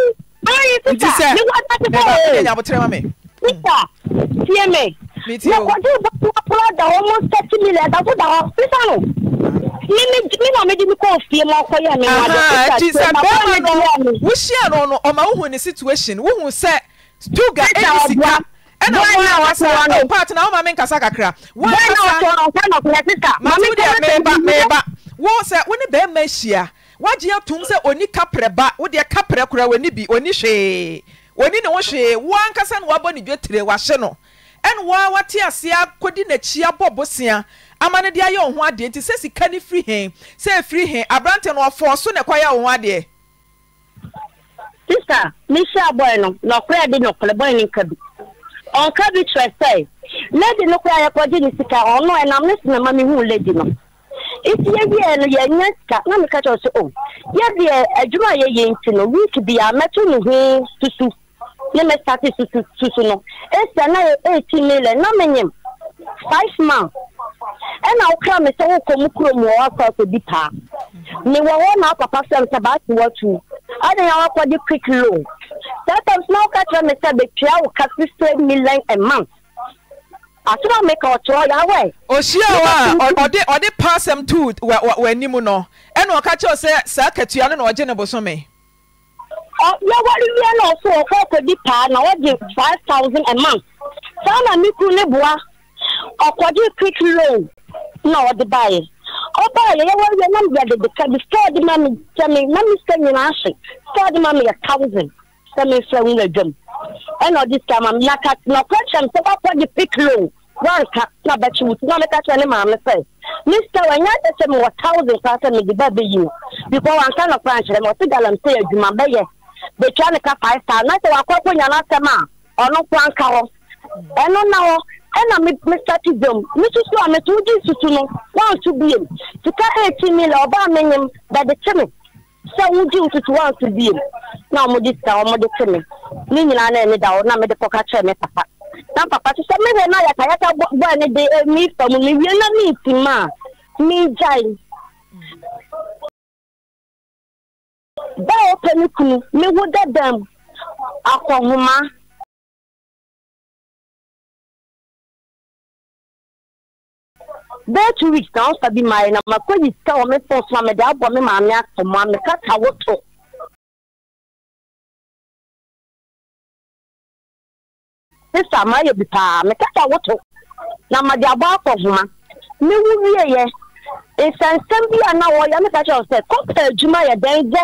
ayi sista ni wa dati bɔ o sista tie mɛ mɔkɔju bɔtuma kura da o mo sɛti mi lɛ datu da o sisan mi na mi di mi k'o fie ma kɔ yɛ mi na de sisa bɛɛ ma nɔ wusia nɔ nɔ ɔma wuhu ni situation wuhu sɛ stuga eyi sika ɛna wọn a wasa wọn paati na wọn oh, maa mi nkasa kakra wọn kasa maa mi di mɛba mɛba wọn sɛ wọn ni bɛrima ehyia wagye atom sɛ oni kaprɛ ba wodeɛ kaprɛ kora w'ani bi oni hwee oni ne ho hwee wankasa na wabɔ ne dwetire wahye no ɛna wɔn a wɔte aseɛ n'akyi abɔ bosia ama ne de ayɛ wɔn ho adeɛ nti sɛ sika ne firi hɛn sɛ efiri hɛn aberante no ɔfɔ so na ɛkɔyɛ wɔn ho adeɛ. sista mehyia bɔyɛ no nɔkora de nɔkora bɔyɛ ne nka bi ɔnka bi kyerɛ sɛ lady no kora yɛ kɔgye ne sika ɔno ɛnam ne sinima mi hu lady no. isi ya bịa no yɛnya sika na meka kyerɛ sɛ o oh, yɛdeɛ adwuma a yɛyɛ nti no week bia mɛto ne ho susu ne mɛstate susu susu no ɛsia na yɛ eighteen million na menyim five months ɛna wokra me sɛ wokɔ mu kurom wɔ wakɔ akɔdi paa mewɔ hɔ na apapa sɛ sɛ baase watu ade na wakɔde quick loan saa times na woka kyerɛ me sɛ betua wo ka sixty million a month asọrọ m ka ọ chọọ ya wee. ohyia hɔ a ɔde ɔde paasɛm tu wɔ wɔ anim no ɛna ɔka kyerɛw sɛ saa katua no na ɔgye ne bosome. ọ yawari wie na ọsọ ọkọ dị paa na ọgye five thousand a month saa na mi kuru ne bua ọkọdi quick loan na ọde baayɛ ɔbaayɛ yawari wie na mi yɛ dede ka bi store di ma mi kyɛ mi mi nyinaa ahye store di ma mi yɛ thousand sɛ mi nwura dwam. ɛna ɔde sika ma mi na ka na ɔkɔkyɛ mi sɛ wakɔ de pick loan wanka na bɛkyi wuti na mɛka kyerɛ ne maame sɛ mista wanya kyɛ sɛ mewɔ thousand paa sɛ di ba bɛyi o bikɔ wanka na ɔkora nkyerɛ me ɔse galamsey adwuma bɛyɛ bɛtwa ne ka five star na sɛ wakɔkɔ nya n'asɛm a ɔno nko anka hɔ ɛno na hɔ ɛna mestati dwom mesusu a meto wogye susu no wanto biom sika eighty million ɔbaa menyem kye sɛ wogye ntutu wa biem na ɔmode sika ɔmode te me ne nyinaa na ɛne da hɔ na mede kɔka kyerɛ me papa na papa te sɛ mehwɛ no ayakayaka bɔɛ ne de eh, mi fa mu mewie na mentim a megyae da ɔpɛ ne kunu mewo dadam bɛɛ two weeks na ɔsa bi maa yi na mako yi sika wɔ me fɔn so a mɛ de abɔ me maame ato mu a mɛ kata woto. sista maa yɛ bi paa mɛ kata woto na mɛ de abɔ akɔ homa ne wu wie yɛ nsɛnsɛm bi a na wɔyɛ ne ka kyerɛ sɛ kɔpɛ adwuma yɛ dɛn dɛ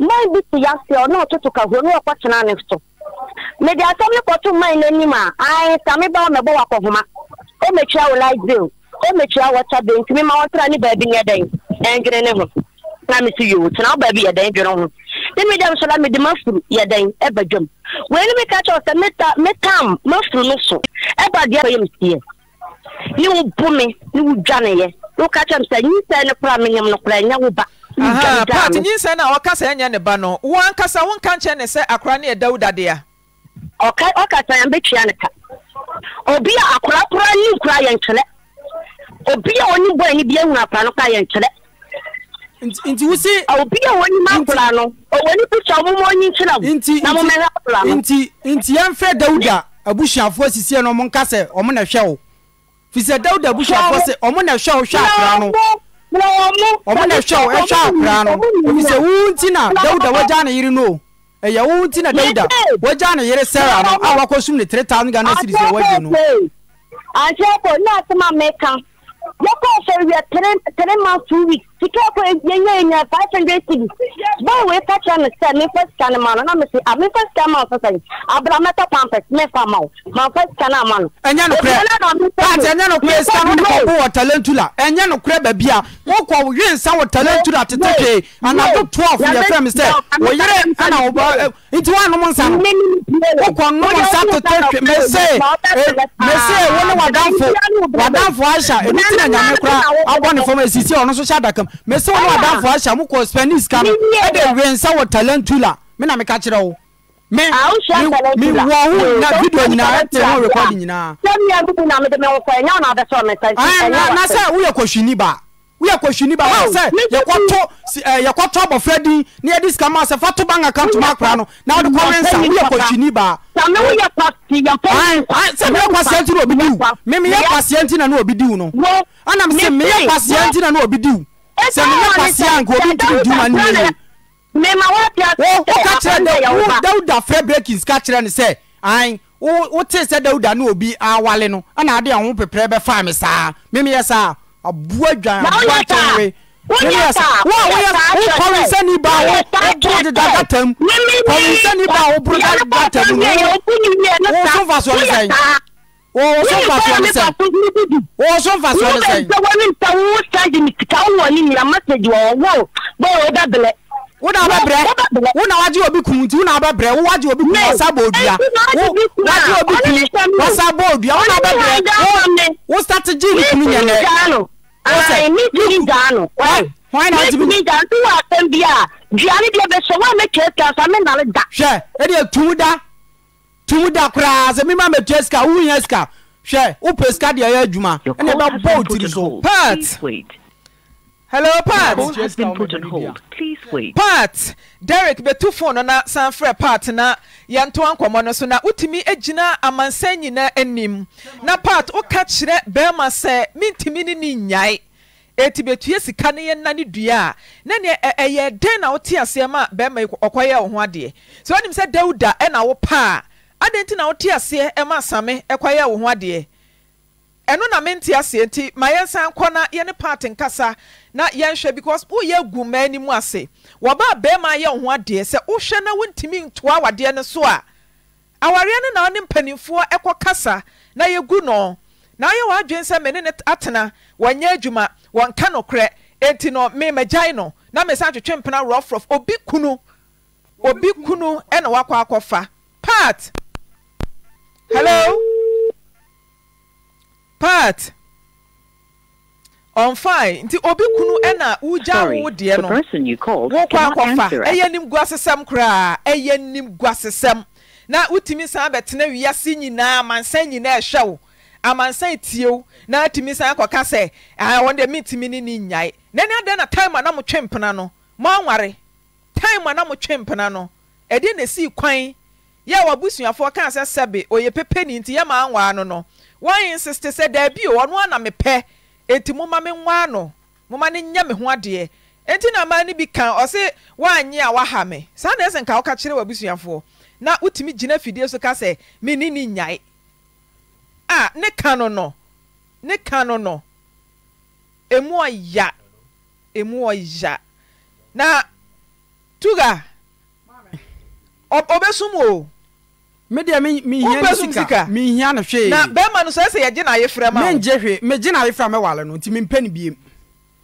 mmaa bi si yaseɛ ɔno ɔtoto kahuro ne ɔkɔ tena ne so mɛ de asɛm ne kɔto mmaa yi n'anim a ayi sami ba mɛ bɔ o mechia wo light bill o mechia water bill ntumi ma wɔtera ne baabi nyɛ dɛn ɛndwene ne ho na me si yoo tena wo baabi yɛ dɛn dwene ho ne me dɛm so na mede mafuru yɛ dɛn ɛba dwam wei ne meka kyɛw sɛ meta metam mafuru no so ɛba deɛ bɛyɛ mesie ne wo bo me ne wo dwaneyɛ ne woka kyɛm sɛ nyinsɛ ne kora menyam no kora ɛnyɛ wo ba pat nyinsɛ no a wɔkasa ɛnyɛ ne ba no wo ankasa wonka nkyɛ ne sɛ akora ne yɛ dawudadeɛ a ɔkasa yɛ mbɛtua ne ka obi a akora ni nkura yɛ ntwerɛ obi a wɔn bɔ ɛni bi ehun akora no kora yɛ ntwerɛ. nti wusi. obi a wɔn ma akora no wɔn ni kuta wɔn mu ɔnyi nkyerɛ mu na wɔn mɛ akora no. nti nti yɛn fɛ dawuda abusuafoɔ sisi yɛn no. wɔn nka sɛ wɔn na hwɛ o fisɛ dawuda abusuafoɔ sɛ wɔn na hwɛ o hwɛ akora no wɔn na hwɛ o hwɛ akora no fisɛ wuhu nti dawuda wɔgya ne yiri no o ɛyɛ wo nti na dawuda wagya ne yere sarah no a wakɔsum ne 3000 ghana series a wagye no ankyɛ kɔ ne asɛm a meka yɛkɔ sɛ wiɛ 3 months 2 weeks ynyɛ nokrsiaeo w talanto l nyɛ nokorɛ babia wok ensa wo talanto la tete e anao tfyfɛm sɛ ye ntinom sa wok n satese wone wadafo adamfo asha ɛmetina nyame kora abɔnefam sisi no eh? sɛdm mese wo ne wadafo ahyɛ mo ko spanish ka e de we nsa wɔ talentula me na me ka kire wo me me wo hu na video nyinaa te ho record nyinaa na me na woyɛ kɔhwini baa woyɛ kɔhwini ba sɛ yɛkɔto yɛkɔto eh, abɔfra din na yɛde sika ma sɛ fato bank account ma akora no na wode kɔwe nsa woyɛ kɔhwini ba sɛ meyɛ kwaseɛ nti na obi diw memeyɛ kwaseɛ nti na na obi diw no anam sɛ meyɛ kwaseɛ nti na na obi diw sɛ mene kwase a nka obi ntumi di ma no yie woka kyerɛ dawuda frɛ breakins ka kyerɛ no sɛ an wote sɛ dawuda ne obi awale no ana ade a ho peprɛ bɛfaa me saa memeyɛ saa aboa dwan aboakyɛwe woyɛwokɔwensɛne ba a woboro deda gata mu kɔwensɛne ba a woboro deda gata mu woso mfa soɔ ne sɛn wɔwɔso mfa soɔ ne sɛn wɔwɔso mfa soɔ ne sɛn. wọ́n bɛ n sɛ wọ́n wọ́n sáájì ní kìtà wọ́n wọ̀ ní nìyà mẹ́sàgì wọ̀ wọ́ bọ́ọ̀ o bẹ bẹ̀rẹ̀. wọ́n náà bẹ bẹ̀rẹ̀ wọ́n náà wájú obi kun tí wọ́n náà bẹ bẹ̀rẹ̀ wọ́n wájú obi kun wọ́n sábà òdua wájú obi kun wọ́n sábà òdua wọ́n náà bẹ bẹ̀rẹ̀ wọ́n strategy ní kun yẹn dɛ. ayi ni jiri jaanu. wọn náà ti bi. ni jiri jaanu tí wọ́n papatpat derik bɛtu fo no no san frɛ pat na yɛnto ankɔmmɔ no so na wotumi agyina amansan nyina anim na pat woka kyerɛ bɛrima sɛ mentumi no ne nyae ɛti bɛtueɛ sika ne yɛna ne dua a na neɛ ɛyɛ dɛn na wo te aseɛma a bɛrima ɔkɔyɛ wo ho adeɛ sɛ wonim sɛ dawuda ɛna wo paa adɛn nti na wote aseɛ ɛma asame ɛkwayɛ wo ho adeɛ ɛno na mme mente aseɛ nti ma yɛnsan nkɔ na yɛne paati nkasa na yɛnhwɛ because woyɛ gu mmaa ni mu ase wɔbaa bɛrima yɛ wo ho adeɛ sɛ wohwɛ na wontumi ntoa awadeɛ no so a awareɛ no na ɔne mpanimfoɔ ɛkɔ kasa na yɛgu no na ayɛ w'adwene sɛ mene ne atena wɔnyɛ adwuma wɔnka nokorɛ enti no memagyae no na mesan twetwe mpena rɔfrɔf obi kunu obi kunu ɛna wakɔ akɔfa part hello pat on fine nti obi kunu ɛna wogya wo deɛ no wokɔ akɔfa ɛyɛ nim gu asesɛm koraa ɛyɛ nim gu asesɛm na wotumi san bɛtena wiase nyinaa amansan nyinaa ɛhwɛ wo amansan tie wo na atumi san akɔka sɛ ah, wɔn deɛ mentumi ne ne nyae nani adɛn na time a na motwe mpena no moanware time a na motwe mpena no ɛdeɛ na esi kwan yɛ wɔ abusuafoɔ kaa sɛ sɛbe ɔyɛ pepe ni nti yɛ maa nwaa no no wɔn insist sɛ daabi o ɔno ana mepɛ eti moma me nwaa no moma ne nyɛ me ho adeɛ eti na maa ne bi kan ɔsi wɔanyi a waha me saa na ɛsɛ nka ɔka kyerɛ wɔ abusuafoɔ na wotumi gyina fidie so ka mi me ni ni nyae a ne ka no no ne ka no no emu ɔya emu ɔya na tuga ɔbɛsum o media mi mi hiya ni sika mi hiya ni hwee na bɛrima no sɛ sɛ yɛgye na ayefrɛ ma mi ngye hwee mi gye na ayefrɛ ma wale no nti mi mpɛ ni bie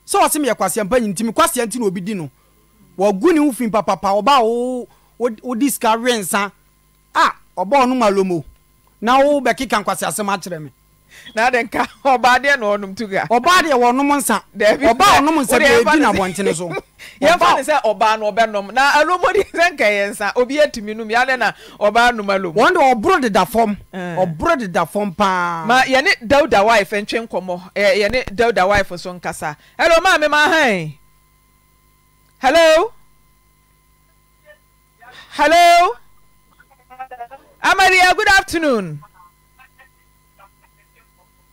sɛ wɔsi mi yɛ kwasia mpa nyi nti mi kwasia nti na obi di no wɔgu ne ho fi papapa ɔba wo wodi sika rensa a ɔba ɔno ma na wo bɛkeka nkwasi asɛm akyerɛ mi. de nka ɔbaa deɛ na ɔnom tu ga ɔbaa deɛ wɔnom nsa ɔbaa ɔnom nsa bɛɛbi na bɔntene so yɛmfa ne sɛ ɔbaa no ɔbɛnom na alomudeɛ sɛ nka yɛ nsa obi etumi nom yɛadɛn na ɔbaa nom alom wɔn de ɔboro deda fam ɔboro eh. deda fam paa ma yɛne dauda wife ntwe nkɔmmɔ yɛne dauda wife so nkasa hello maa me maa han hello hello amaria good afternoon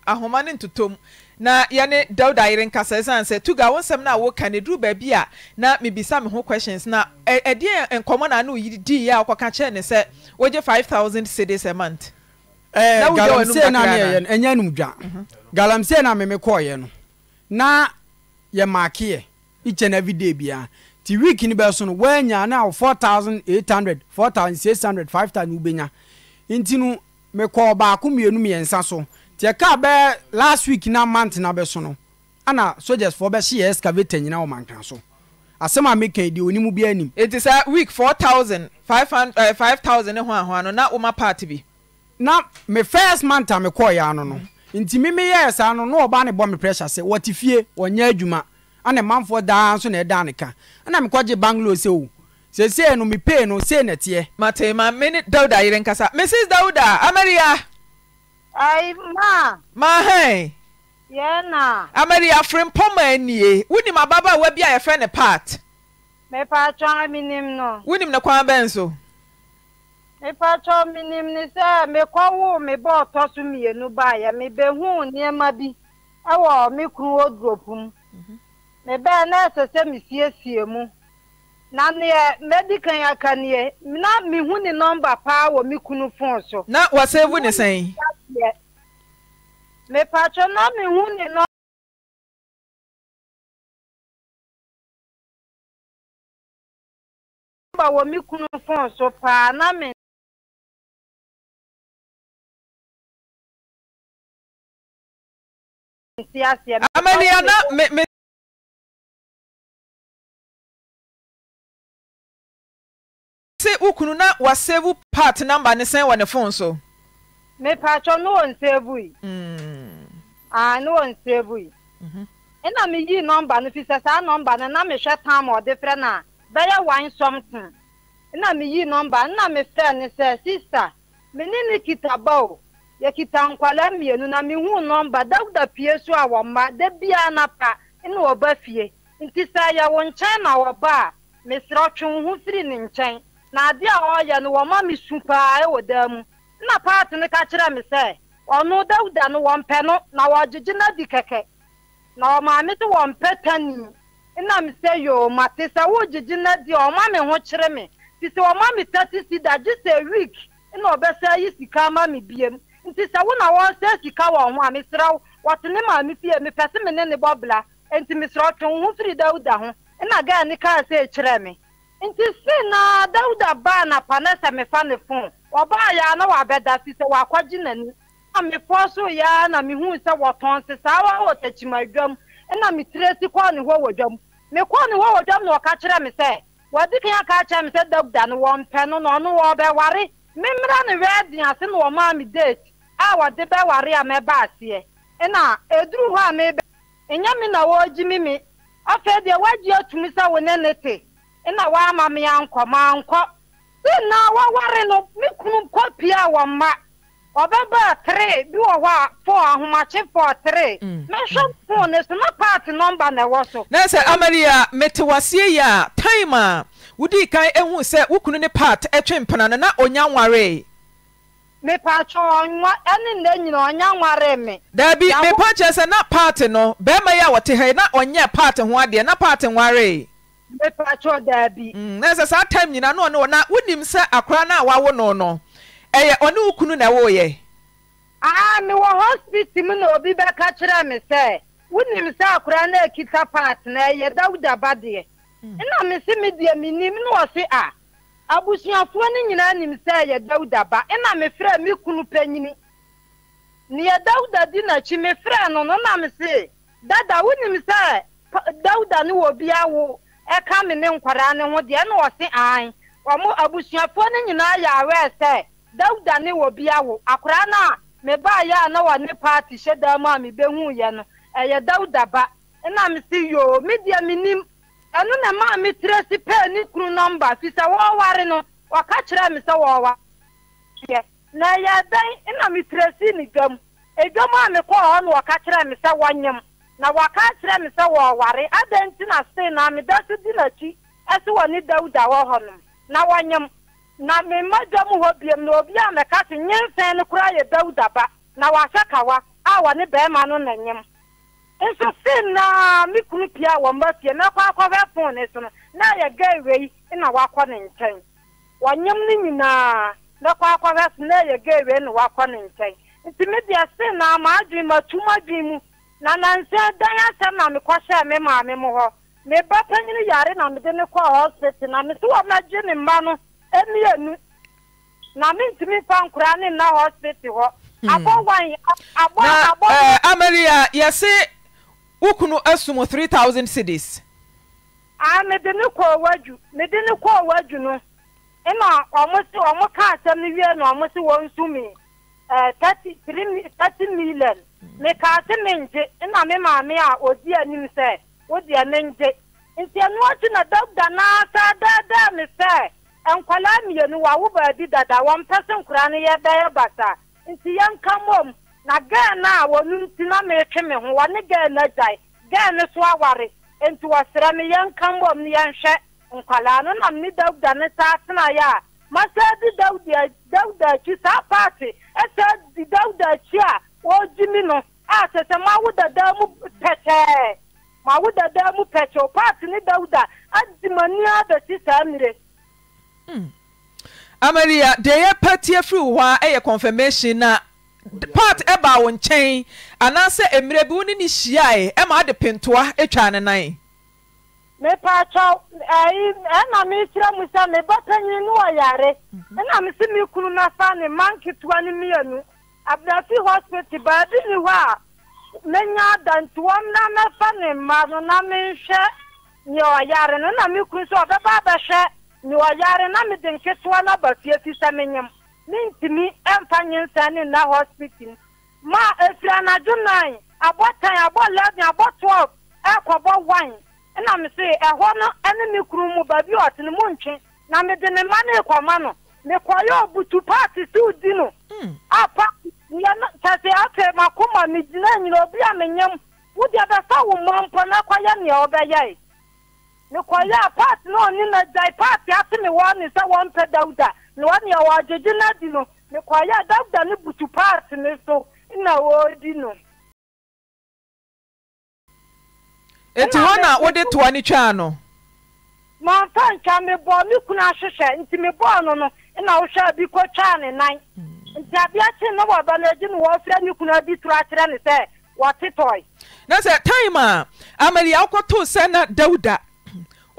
ahoma ne ntotom na yɛne dawuda yere nkasa ɛsan sɛ tuga wɔn nsɛm na wɔka ne duru baabi a na mibisa mi ho questions na ɛdeɛ nkɔmɔ na ano yi di yɛ a ɔkɔka kyerɛ ne sɛ wɔgye five thousand cedis a month. ɛɛ galamsey na ne yɛ no ɛnyɛ num dwa mhm. na mɛmɛ kɔɔ yɛ no na yɛ maakeɛ each and every day ti week ni bɛ so no wɔanya na four thousand eight hundred four thousand six hundred five thousand wobɛnya nti no mɛkɔɔ baako mmienu mmiɛnsa so tie kaa bɛɛ last week na month na bɛso no ana soldiers foɔ si yɛ excavator nyina wɔ mankan so asɛm a meka yi deɛ onimu bi anim. eti sɛ week four thousand five hundred eh, five thousand ne ho ahoa no na woma party bi. na me first month a mekɔɔ yɛ ano no nti mimi yɛ saa no na ɔbaa ne bɔ me pressure sɛ wɔte fie wɔnyɛ adwuma ana manfoɔ daa nso na ɛda ne ka ana mekɔgye banglo sɛ o sesei no mepei no sei na ɛteɛ. mate ma me ne dawuda yere nkasa mrs dawuda amariya. ayi ma. ma hɛn. yɛn na. amadi afiri mpɔmɔ wunim ababaawa bi a yɛfrɛ ne paat. mepatwa mi nim no. wunim ne kwan bɛn so. mepatwa mi nim ne sɛ mekɔwo me bɔ mmienu baayɛ mebehu nneɛma bi ɛwɔ mikro kunu mu mhm. mebɛn na sɛ na neɛ medikan aka neɛ na mehu ne nɔmba paa wɔ me kunu fon so na wasevu ne sɛn mepatwɛ na mehu ne nɔ nɔmba wɔ me kunu fon so paa na me amaniana me me wo kunu na wasevu part number ne sɛn wɔ ne phone so. mepatwɔ no wɔ hmm. ah, nseevu mm-hmm. e yi. aa no wɔ nseevu yi. ɛna meyii nɔmba no fi sɛ saa nɔmba no na mehwɛ tam ɔde frɛ no a bɛyɛ wan sɔmten ɛna meyii nɔmba na mefrɛ ne sɛ sista mene ne kita ba o kita nkwala mmienu na mehuu nɔmba dawuda pie so a wɔmma da biaa na pa ne wɔba fie nti sɛ yɛwo nkyɛn na wɔba a mesrɛ twe wo ho firi ne nkyɛn na adeɛ a ɔreyɛ no wɔma me su paa wɔ dan mu na paati no ka kyerɛ me sɛ ɔno dawuda no wɔmpɛ no na wɔgyegye no adi kɛkɛ na ɔmaame sɛ wɔmpɛ tani nam sɛ yoo mate sɛ wogyegye no adi ɔma me ho kyerɛ me nti sɛ ɔma me tati si da gye sɛ week na ɔbɛsɛ yi sika ama me biem nti sɛ wo na wɔnsɛ sika wɔ ho a mesrɛ wo wɔtene maame fie mepɛ se me ne ne bɔbla nti mesrɛ ɔtwe wo ho firi dawuda ho na gaa ne kaa sɛ ɛkyerɛ me nti si na dawuda baa na pane sɛ mefa ne fon ɔbaa yaa na wabɛda si sɛ wakɔgye n'ani na mepɔ so ya na mehu sɛ wɔtɔn se saa wa wɔ tɛkyima dwam ɛna metire si kɔɔ ne hɔ wɔ dwam mekɔɔ ne hɔ wɔ dwam na ɔka kyerɛ me sɛ wɔde kan aka kyerɛ me sɛ dauda no wɔmpɛ no na ɔno wɔbɛware memmra ne wɛɛden ase na wɔmaa me date a wɔde bɛware a mɛba aseɛ ɛna ɛduru hɔ a mebɛ ɛnyɛ me na wɔregye me me afei deɛ woagye atumi sɛ wo ne ne te na wama m ya nkọ ma nkọ na waware no me kunu kɔ pie wɔ mma ɔbɛbaa tere bi wɔ hɔ a fo ahomakye fo tere mɛhwɛ mm, mm. fon ne so na paate nɔmba na ɛwɔ so na sɛ amaria mete waseɛ yi a time a wodii kan ehu sɛ wo kunu ne part ɛtwe mpena no na onya nwaree mepatwɛ ɔnwa ɛne nna nyina ɔnya nwaree me daabi mepatwɛ sɛ na paati no bɛrima yi a wɔte ha yi na ɔnyɛ paati ho adeɛ na part nwaree Mm, na ɛsɛ saa time nyina na ɔne wɔna wonim sɛ akora no a wawo no no ɛyɛ ɔne wo kunu na ɛwoyɛ aa ah, mewɔ hospital mu na obi bɛka kyerɛ me sɛ wonim sɛ akora no akita part na ɛyɛ dawuda ba deɛ mm. na mese me deɛ menim na ɔse a abusuafoɔ no nyinaa nim sɛ ɛyɛ dawuda ba na mefrɛ me kunu panyini neɛ dawuda di n'akyi mefrɛ no no na mese dada wonim sɛ dawuda no wɔ bi awo ɛka me ne nkwadaa ne ho deɛ ɛna ɔse an ɔmo abusuafoɔ no nyinaa yɛ awɛɛ sɛ dawuda ne wɔ bi awo akwadaa no a mebaa yɛ a na wɔ ne paati hyɛ dan mu a mebehu yɛ no ɛyɛ dawuda ba ɛna me se yoo me deɛ menim ɛno na maa me tire si pɛɛ ne kunu nɔmba fi sɛ wɔɔware no wɔka kyerɛ me sɛ wɔɔwa yɛ na ɛyɛ dɛn ɛna me tire si ne dwam edwam a mekɔɔ hɔ no wɔka kyerɛ me sɛ wɔnyem na waka kyerɛ me sɛ wɔware adɛn nti na see na meda so di n'akyi ɛsɛ wɔ ne dawuda wɔ hɔ nom na wɔnyem na memma dwa mu hɔ biam na obi a mɛka se nyensɛn no koraa yɛ dawuda ba na wahyɛ kawa a wɔ ne bɛrima no na nyem nso see naa me kunu pia wɔ mba fie na ɛkɔ akɔhwɛ fon ne so no na yɛ ga ewei na wakɔ ne nkyɛn wɔnyem no nyinaa na ɛkɔ akɔhwɛ so na yɛ ga ewei na wakɔ ne nkyɛn nti me deɛ see naa ma adwene ma tum adwene mu na na nse dan asem na mekɔhyɛ me maame mu hɔ me ba na mede ne hospital na mese wɔ ne mma no enu na mentumi fa nkora ne nna hospital hɔ hmm. eh, amaria yɛse wo asum 3000 cities mede ne wadu mede ne wadu no ɛna ɔmo ka asɛm no wie na ɔmo se eh, million mekaase me ngye na me maame a odi anim sɛ wodeɛ me ngye nti ɛno akyi na dɔkta naasa daadaa me sɛ nkwadaa mmienu wawo baabi dada wɔn pɛ sɛ nkwadaa no yɛ bɛyɛ basa nti yɛnka mom na gɛn no a wɔn ti na meetwe me ho wɔne gɛn no agyae gɛn no so aware nti wɔsrɛ me yɛnka mom no yɛnhwɛ nkwadaa no nam ne dɔkta no saa tenaeɛ a masa di dɔkta akyi saa paati ɛsɛ di dɔkta akyi a wɔregye mi no a ah, sɛ sɛ mawo dadaa mu pɛtɛɛ mawo dadaa mu pɛtɛɛ paati ne dawuda adi m'ani abɛsi saa mmire. Hmm. amaria deɛ yɛpɛ tie firi wo hɔ a ɛyɛ confirmation na part ɛba wo nkyɛn anaasɛ mmerɛ bi wo ne ne hyiae ɛma ade pentoa atwa ne nan mepa atwa ɛyi ɛna mekyerɛ mu sɛ mebɔpanyin no wɔ yare mhm. ɛna mese me kunu nafa ne ma nketewa no mmienu abirasi hospital baabi ni hɔ a na mɛfa ne na menhwɛ nea ɔyare no na me kuru sɛ ɔbɛba abɛhwɛ nea ɔyare na mede nketewa no aba fie fi sɛ menyam ntumi ɛmfa ne nna hospital ma efir anadwo nan abɔ abɔ eleven abɔ twelve ɛna me se ɛhɔ no ɛne me kuru mu baabi mu na ne mma no obutu paati si di no hmm. a sase ate makoma megyina nyina obi a menyam wode bɛfa wo mmɔ na kɔyɛ nea ɔbɛyɛe mekɔyɛ a paat na ɔne na gyae paat ate me wɔ sɛ wɔmpɛ dawuda na ɔnea wɔagyegye no adi no mekɔyɛ dawuda no butu paat ne so na wɔredi no nti hɔ na wode toa no twaa no mamfa ntwa mebɔɔ me kunu ahyehyɛ nti mebɔɔ no no na wohwɛ bi kɔtwaa ne nan hmm. nti abịa chi na wọba na eji na wọfịa n'ikwu na obi tụrụ akyerɛ ne sɛ wɔte tɔi. na sɛ taịm a amadi akɔto sɛ na dawuda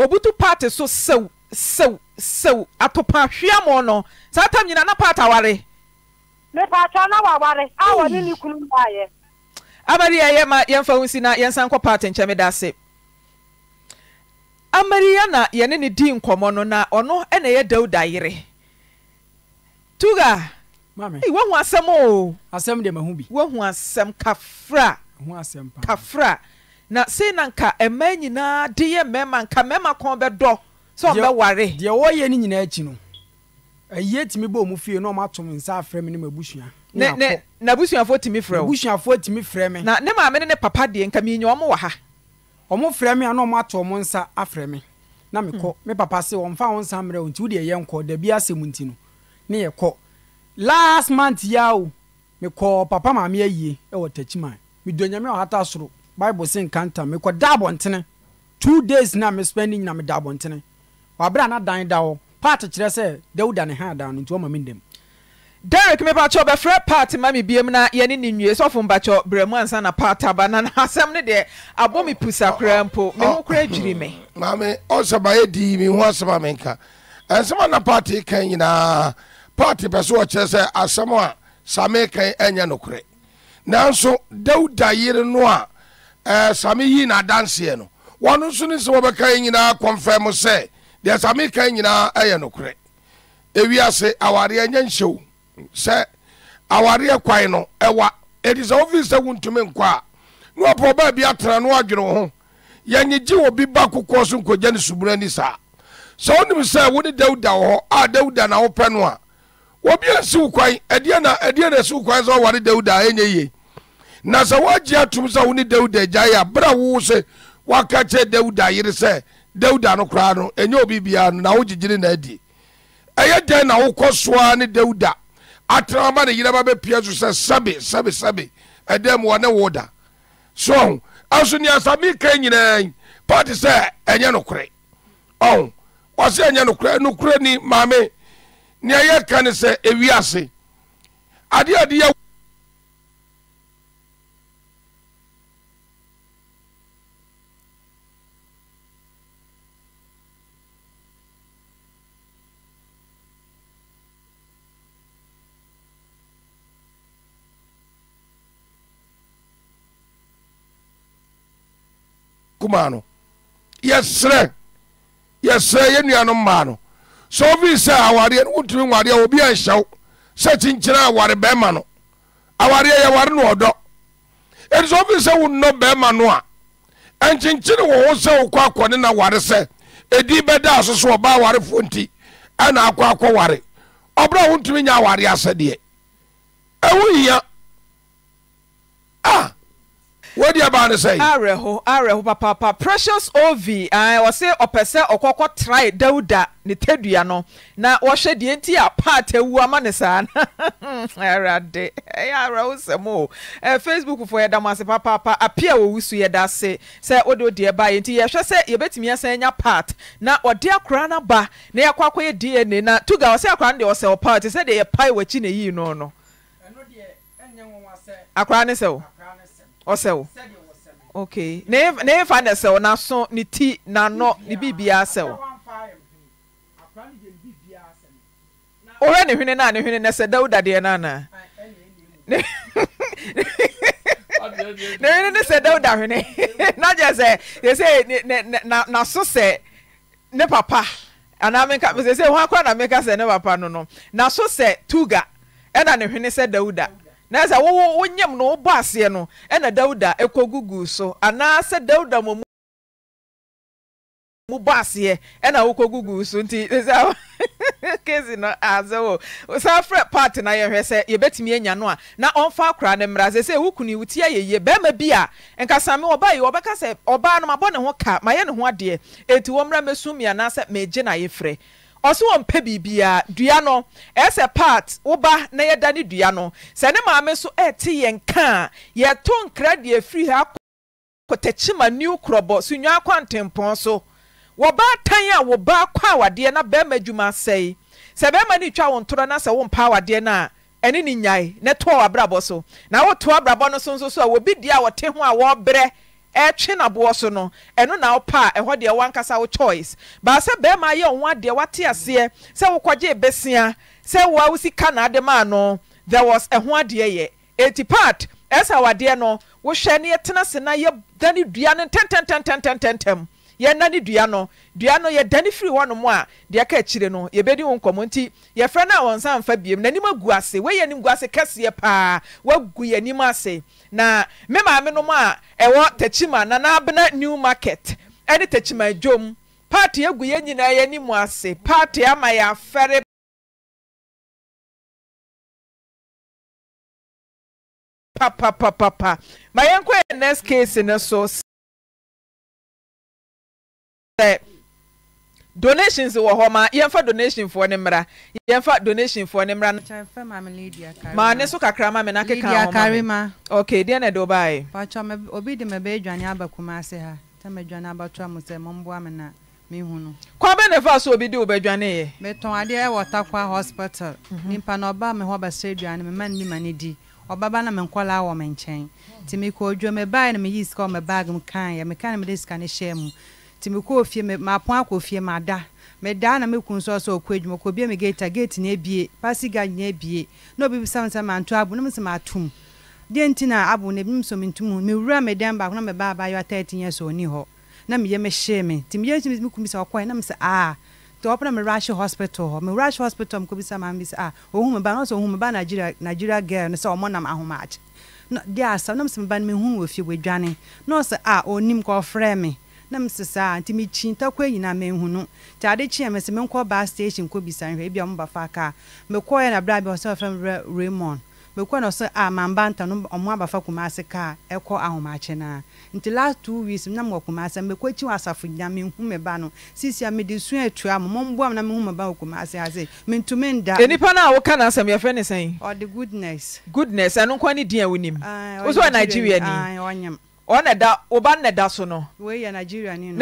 obutu paati so sew sew sew atopa hwia mɔ no saa tam nyina na paati aware. mepatwa na waware a wɔne ne kunu mba ayɛ. amadi ma yɛmfa ho si na yɛnsan kɔ paati nkyɛn da ase. amadi na yɛne ne di nkɔmɔ no na ɔno na ɛyɛ dawuda yere. tuga. maame ee wohu asɛm o asɛm deɛ mahu bi wohu asɛm kafra ho asɛm paa kafra na sei na nka mmaa nyinaa de yɛ mmarima nka mmarima kɔn bɛdɔ sɛ ɔbɛware deɛ wɔyɛ no nyinaa akyi no ɛyɛ tumi bɔ ɔmu fie na ɔmatom nsa afrɛ me ne mabusua ne ne n'abusuafoɔ tumi frɛ wo abusuafoɔ tumi frɛ me na ne maame ne ne papa deɛ nka miyinya ɔmo wɔ ha ɔmo frɛ me a na ɔmo ato ɔmo nsa afrɛ me na mekɔ hmm. me papa se wɔmfa wɔn nsa mmerɛ wo nti wodeɛ yɛ nkɔ dabi asɛm nti no ne yɛ kɔ last month ya o mekɔ papa maame ayie ɛwɔ tachiman medo nyame ɔhata soro bible se nkanta mekɔ da abɔntene two days na me spend nyina meda abɔntene wabere a na dan da hɔ part kyerɛ sɛ dawuda ne ha da no nti ɔma me ndam derek mepakyɛ bɛfrɛ part ma me biam na yɛne ne nwie sɔfo mpakyɛ berɛ mu ansa na part aba na asɛm no deɛ abɔ me pusa koraa mpo me ho koraa dwiri me maame ɔsɛba yɛdi me ho asɛm a menka ɛnsɛm a na part kan nyinaa party pɛ so ɔkyerɛ sɛ asɛm a same kan ɛnyɛ nokorɛ nanso dawuda yere no a ɛɛ same yii n'adanseɛ no wɔn nso ne sɛ wɔbɛka yi nyinaa kɔnfɛn mu sɛ deɛ same kan nyinaa ɛyɛ nokorɛ ewiase awareɛ nyɛ nhyɛw sɛ awareɛ kwan no ɛwa edi sɛ ofi sɛ wuntumi nkɔ a na ɔpɔ atena no adwene wo ho yɛnyegye obi ba kokɔ so nkogya ne subura ni saa sɛ wonim sɛ wo ne dawuda wɔ hɔ a dawuda na wopɛ no a obi asiw kwan ɛdeɛ na ɛdeɛ na asiw kwan sɛ ɔware dawuda ɛnyɛ yie na sɛ wɔagye atom sɛ wo ne dawuda agyae a berɛ wo sɛ woaka kyerɛ dawuda yere sɛ dawuda no koraa no ɛnyɛ obi biara no na wogyigyere na adie ɛyɛ dɛn na wokɔ soa ne dawuda atena ma ne yere ba bɛpia so sɛ sɛbe sɛbe sɛbe ɛdɛn mu wɔ ne wo da so ɛso nea same ka nyinaa paate sɛ ɛnyɛ nokorɛ ɔn wɔse ɛnyɛ nokorɛ nokorɛ ni maame nea yɛka ne sɛ ewiase adeɛ ade yɛ kuma no yɛsrɛ yɛsrɛ yɛ nuanom maa no sɛ ofii sɛ awareɛ no wontumi wareɛ obi anhyɛw sɛ kyinkyina aware bɛrima no awareɛ yɛware no ɔdɔ ɛnti sɛ ofii sɛ wonnɔ bɛrima no a ɛnkyenkyene wɔ wo sɛ wokɔ akɔne na ware sɛ ɛdi bɛda so so ɔba awarefoɔ nti ɛna akɔ akɔ ware ɔbrɛ a wontumi nya awareɛ asɛdeɛ ɛwo hia a ah! wodebaa no sɛerɛho awerɛho papapa precious ov eh, wɔse ɔpɛ sɛ ɔkɔkɔ trae dawoda ne tadua no na wɔhwɛ deɛ nti a part awu a ma ne saa n aradeɛ awerɛho sɛm o eh, facebook foɔ yɛda m ase papapa api a wɔwo su yɛda se sɛ wode odi ba ɛ nti yɛhwɛ sɛ yɛbɛtumi asa ɛnya part na ɔde akoraa no ba na yɛakɔ akɔ yɛdiɛ ne na tuga wɔse akoraa no deɛ ɔsɛ wɔ pa tiɛ sɛdeɛ yɛpae w'akyina yii no nokra sɛ ɔsɛwook nefa ɛ sɛwo naso ne ti nanɔ ne bibiaa sɛwo orɛ ne hwene nneenen sɛ dawuda deɛ noanaa nehwenene sɛ dawuda hwene na gye sɛ sesenaso sɛ ne papa ansse hɔ a ka na meka sɛ ne papa no no naso sɛ tuga ɛna ne hwene sɛ dawuda na a wo wonyam no wobɔ aseɛ no ɛna dawuda ɛkɔ ekogugu so anaasɛ dawuda mɔ mu bɔ aseɛ ɛna wokɔ gugu so nti sɛ kesi no azɛ wo saa frɛ part na ya sɛ yɛbɛtumi anya no a na ɔmfa akora ne mmara sɛ sɛ wokunu wo ti ayɛyie bɛrima bi a nkasame ɔba yi wɔbɛka sɛ ɔbaa ma mabɔ ne ho ka mayɛ ne ho adeɛ ɛti wɔmmra mɛsum mi anaasɛ megye na efere ɔsi wɔn mpɛ biribiara dua no ɛsɛ part woba na yɛda ne dua no sɛ ne maame so ɛɛte yɛn kaa yɛto nkra deɛ firi ha kɔtɛkyima new korɔbɔ sunyɛ akwantempɔn so wɔba atan a wɔba akɔ awadeɛ na bɛrima adwuma asɛe sɛ bɛrima ne twa wɔn toro na sɛ wɔn mpa awadeɛ no ɛne ne nyae ne toɔ abrabɔ so na wotoɔ abrabɔ no so nso so a wɔbi deɛ a wɔte ho a wɔrebrɛ ɛtwe naboɔ so no ɛno na wo paa ɛhɔ deɛ woankasa wo choice baa sɛ barima yɛ ɔ ho adeɛ wate aseɛ sɛ wokɔgye bɛsea sɛ woa wosika naade ma a no there was ho adeɛ yɛ ɛnti pat ɛɛsa awadeɛ no wohwɛ ne yɛtena sena yɛdane dua ne tɛntɛmɛɛɛtɛmtɛm yɛna ne dua no dua no yɛdane firi hɔno mɔ a deɛ ka akyire no yɛbɛdi hɔ nkɔmɔ nti yɛfrɛ ne a ɔn nsanmfa biomu nanim agu ase wyɛ anim gu ase kɛseɛ paa woagu yɛ nim ase na me maamenom a ɛwɔ takyima nana abena newmarket ne takyima adwom pato agu yɛ nyinaa yɛnimu ase pato ama yɛ afɛre pappa ma yɛnkɔ yɛ nes case no so sɛ donations wɔ hɔ ma yɛmfa donationfoɔ ne mmra yɛmfa donationfoɔ ne mmra maa ne so kakra ma me na keka hɔ ma ok deɛ na ɛde wobaeɛ patwa obi de mɛbɛɛdwane aba kuma ase ha sɛ mɛdwane abatoa mo sɛ momboa me na mehu no kwan bɛ ne fa so obi de wobɛdwaneeɛ metɔn adeɛ wɔ takwa hospital mhm. nipa na ɔba me hɔ bɛsɛ aduane mema ne nima ne di ɔbaba na me nkɔlaa wɔ me nkyɛn nti mekɔ odwo mebaeɛ na meyii sika wɔ me bag mu kaeɛ meka na mede sika no hyɛɛ mu nti mekɔɔ fie mapo akɔ fie mada medaa na meku nso sɛ ɔkɔ adwuma kɔbia me gate gate na abie pasiga nyina abie na obibisa me sɛ manto abo ne me sɛ matom deɛ nti na abo no ebinom sɛ mentom mewura medan baako na mebaa abayewa 13 years na meyɛ mehyee me nti meyɛ nti mekum sɛ ɔkɔe na me sɛ aa tɔ ɔpɛ na me rush hospital hɔ me rush hospital mekɔbisa ma me sɛ ah ɔhu me ba na ɔsɛ ɔhu me ba nigeria nigeria girl no sɛ ɔmɔ nam ahomaakye deɛ asɛm na me sɛ meba no mehu wɔ fie wɔadwane na ɔsɛ a ɔnim kɔ me na m sesa nti mekyi ntakwa nyinaa manhu no nti ade kyeɛ me sɛ menkɔ baa station kɔbisa nhwɛ ebi a ɔmoba fa kaa mekɔɛ na berɛ a bi ɔsɛ ɔfrɛ me brɛ raymond mekɔ na ɔsɛ a mamba nta no ɔmo aba kumase kaa ɛkɔ ahomakye naa nti last two weeks na mewɔ kumase mekɔ akyi wɔ asafo nya menhu me ba no sisi a mede su atua mo mɔmboa m na mehu me ba wɔ kumase ase mentumi nda nnipa e, no a woka no asɛm yɛfrɛ ne sɛn ɔde goodness goodness ɛno nkwa ne din a wonim wo ni na da woba nnɛ da so no nigeria ni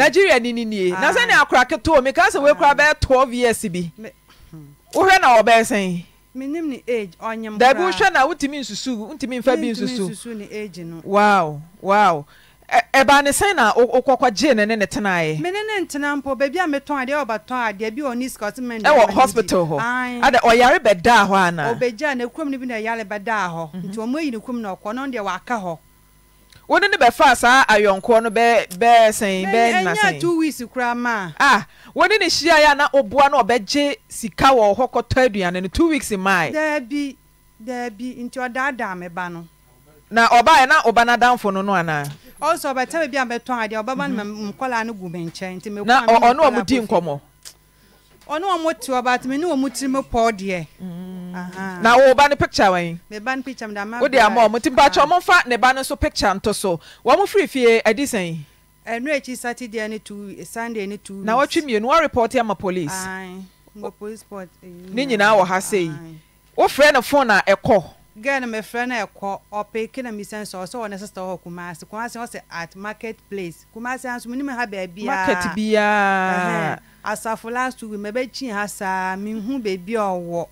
nenie na ah. sɛne akora ka sị wee woikora bɛyɛ 12 years bi wohwɛ na wɔbɛyɛ sɛn daabi wohwɛ na ntumi nsusu ntumi mfa bi nsusu wow ɛba ne sɛn na wokɔkɔ na ne ne ne tenaeɛ mene ne ntena mpo baabi a metɔn adeɛ wɔbatɔn adeɛ bi ɔne scotman ɛwɔ hospital hɔ ada ɔyare bɛdaa hɔ anaa ɔbɛgyaa na kurom no bi na ɛyare bɛdaa hɔ mhm. nti ɔmɔ yi ne kum na ɔkɔ no deɛ wɔaka hɔ wọn ne bɛfa saa ayɔnkoɔ no bɛɛ bɛɛ sɛn bɛɛ nina sɛn ɛnyɛ two weeks kura Ah, a wọn ne hyia yɛ na oboa na ɔbɛgye sika wɔ hɔ kɔtɔ aduane no two weeks maa. dɛɛbi dɛɛbi nti ɔdaadaa mi ba no. na ɔbaa yɛ na ɔba n'adanfo no no ana. ɔsɔ ɔbɛtɛ baabi a bɛtɔn adeɛ ɔbɛba na nkɔla no gu mi nkyɛn na ɔno ɔmo di nkɔmɔ ɔne wɔn te hɔ baatumi ne wɔn tiri mu pɔɔ deɛ. na wo ba ne picture wɛn. ne ba ne picture da ma. o de ama ɔmo ti mpatsɛ ɔmo fa ne ba ne so picture nto so wɔn firi fie ɛdi e sɛn. ɛnu eh, ekyi saturday ni tu, eh, sunday ni tu. na wɔtwi mmienu wɔn report ama police. ngo police port. Eh, ne nyinaa wɔ ha sɛyi wofrɛ ne phone a ɛkɔ. E girl e na mefrɛ na ɛkɔ ɔpeke na misɛn so ɔsɛ wɔ ne sista hɔ kumase kumase ɔsɛ at market place kumase anso mu nim ha baabi a. market biara. asafo last week mɛbɛkyi ha saa menhu beebi ɔwɔ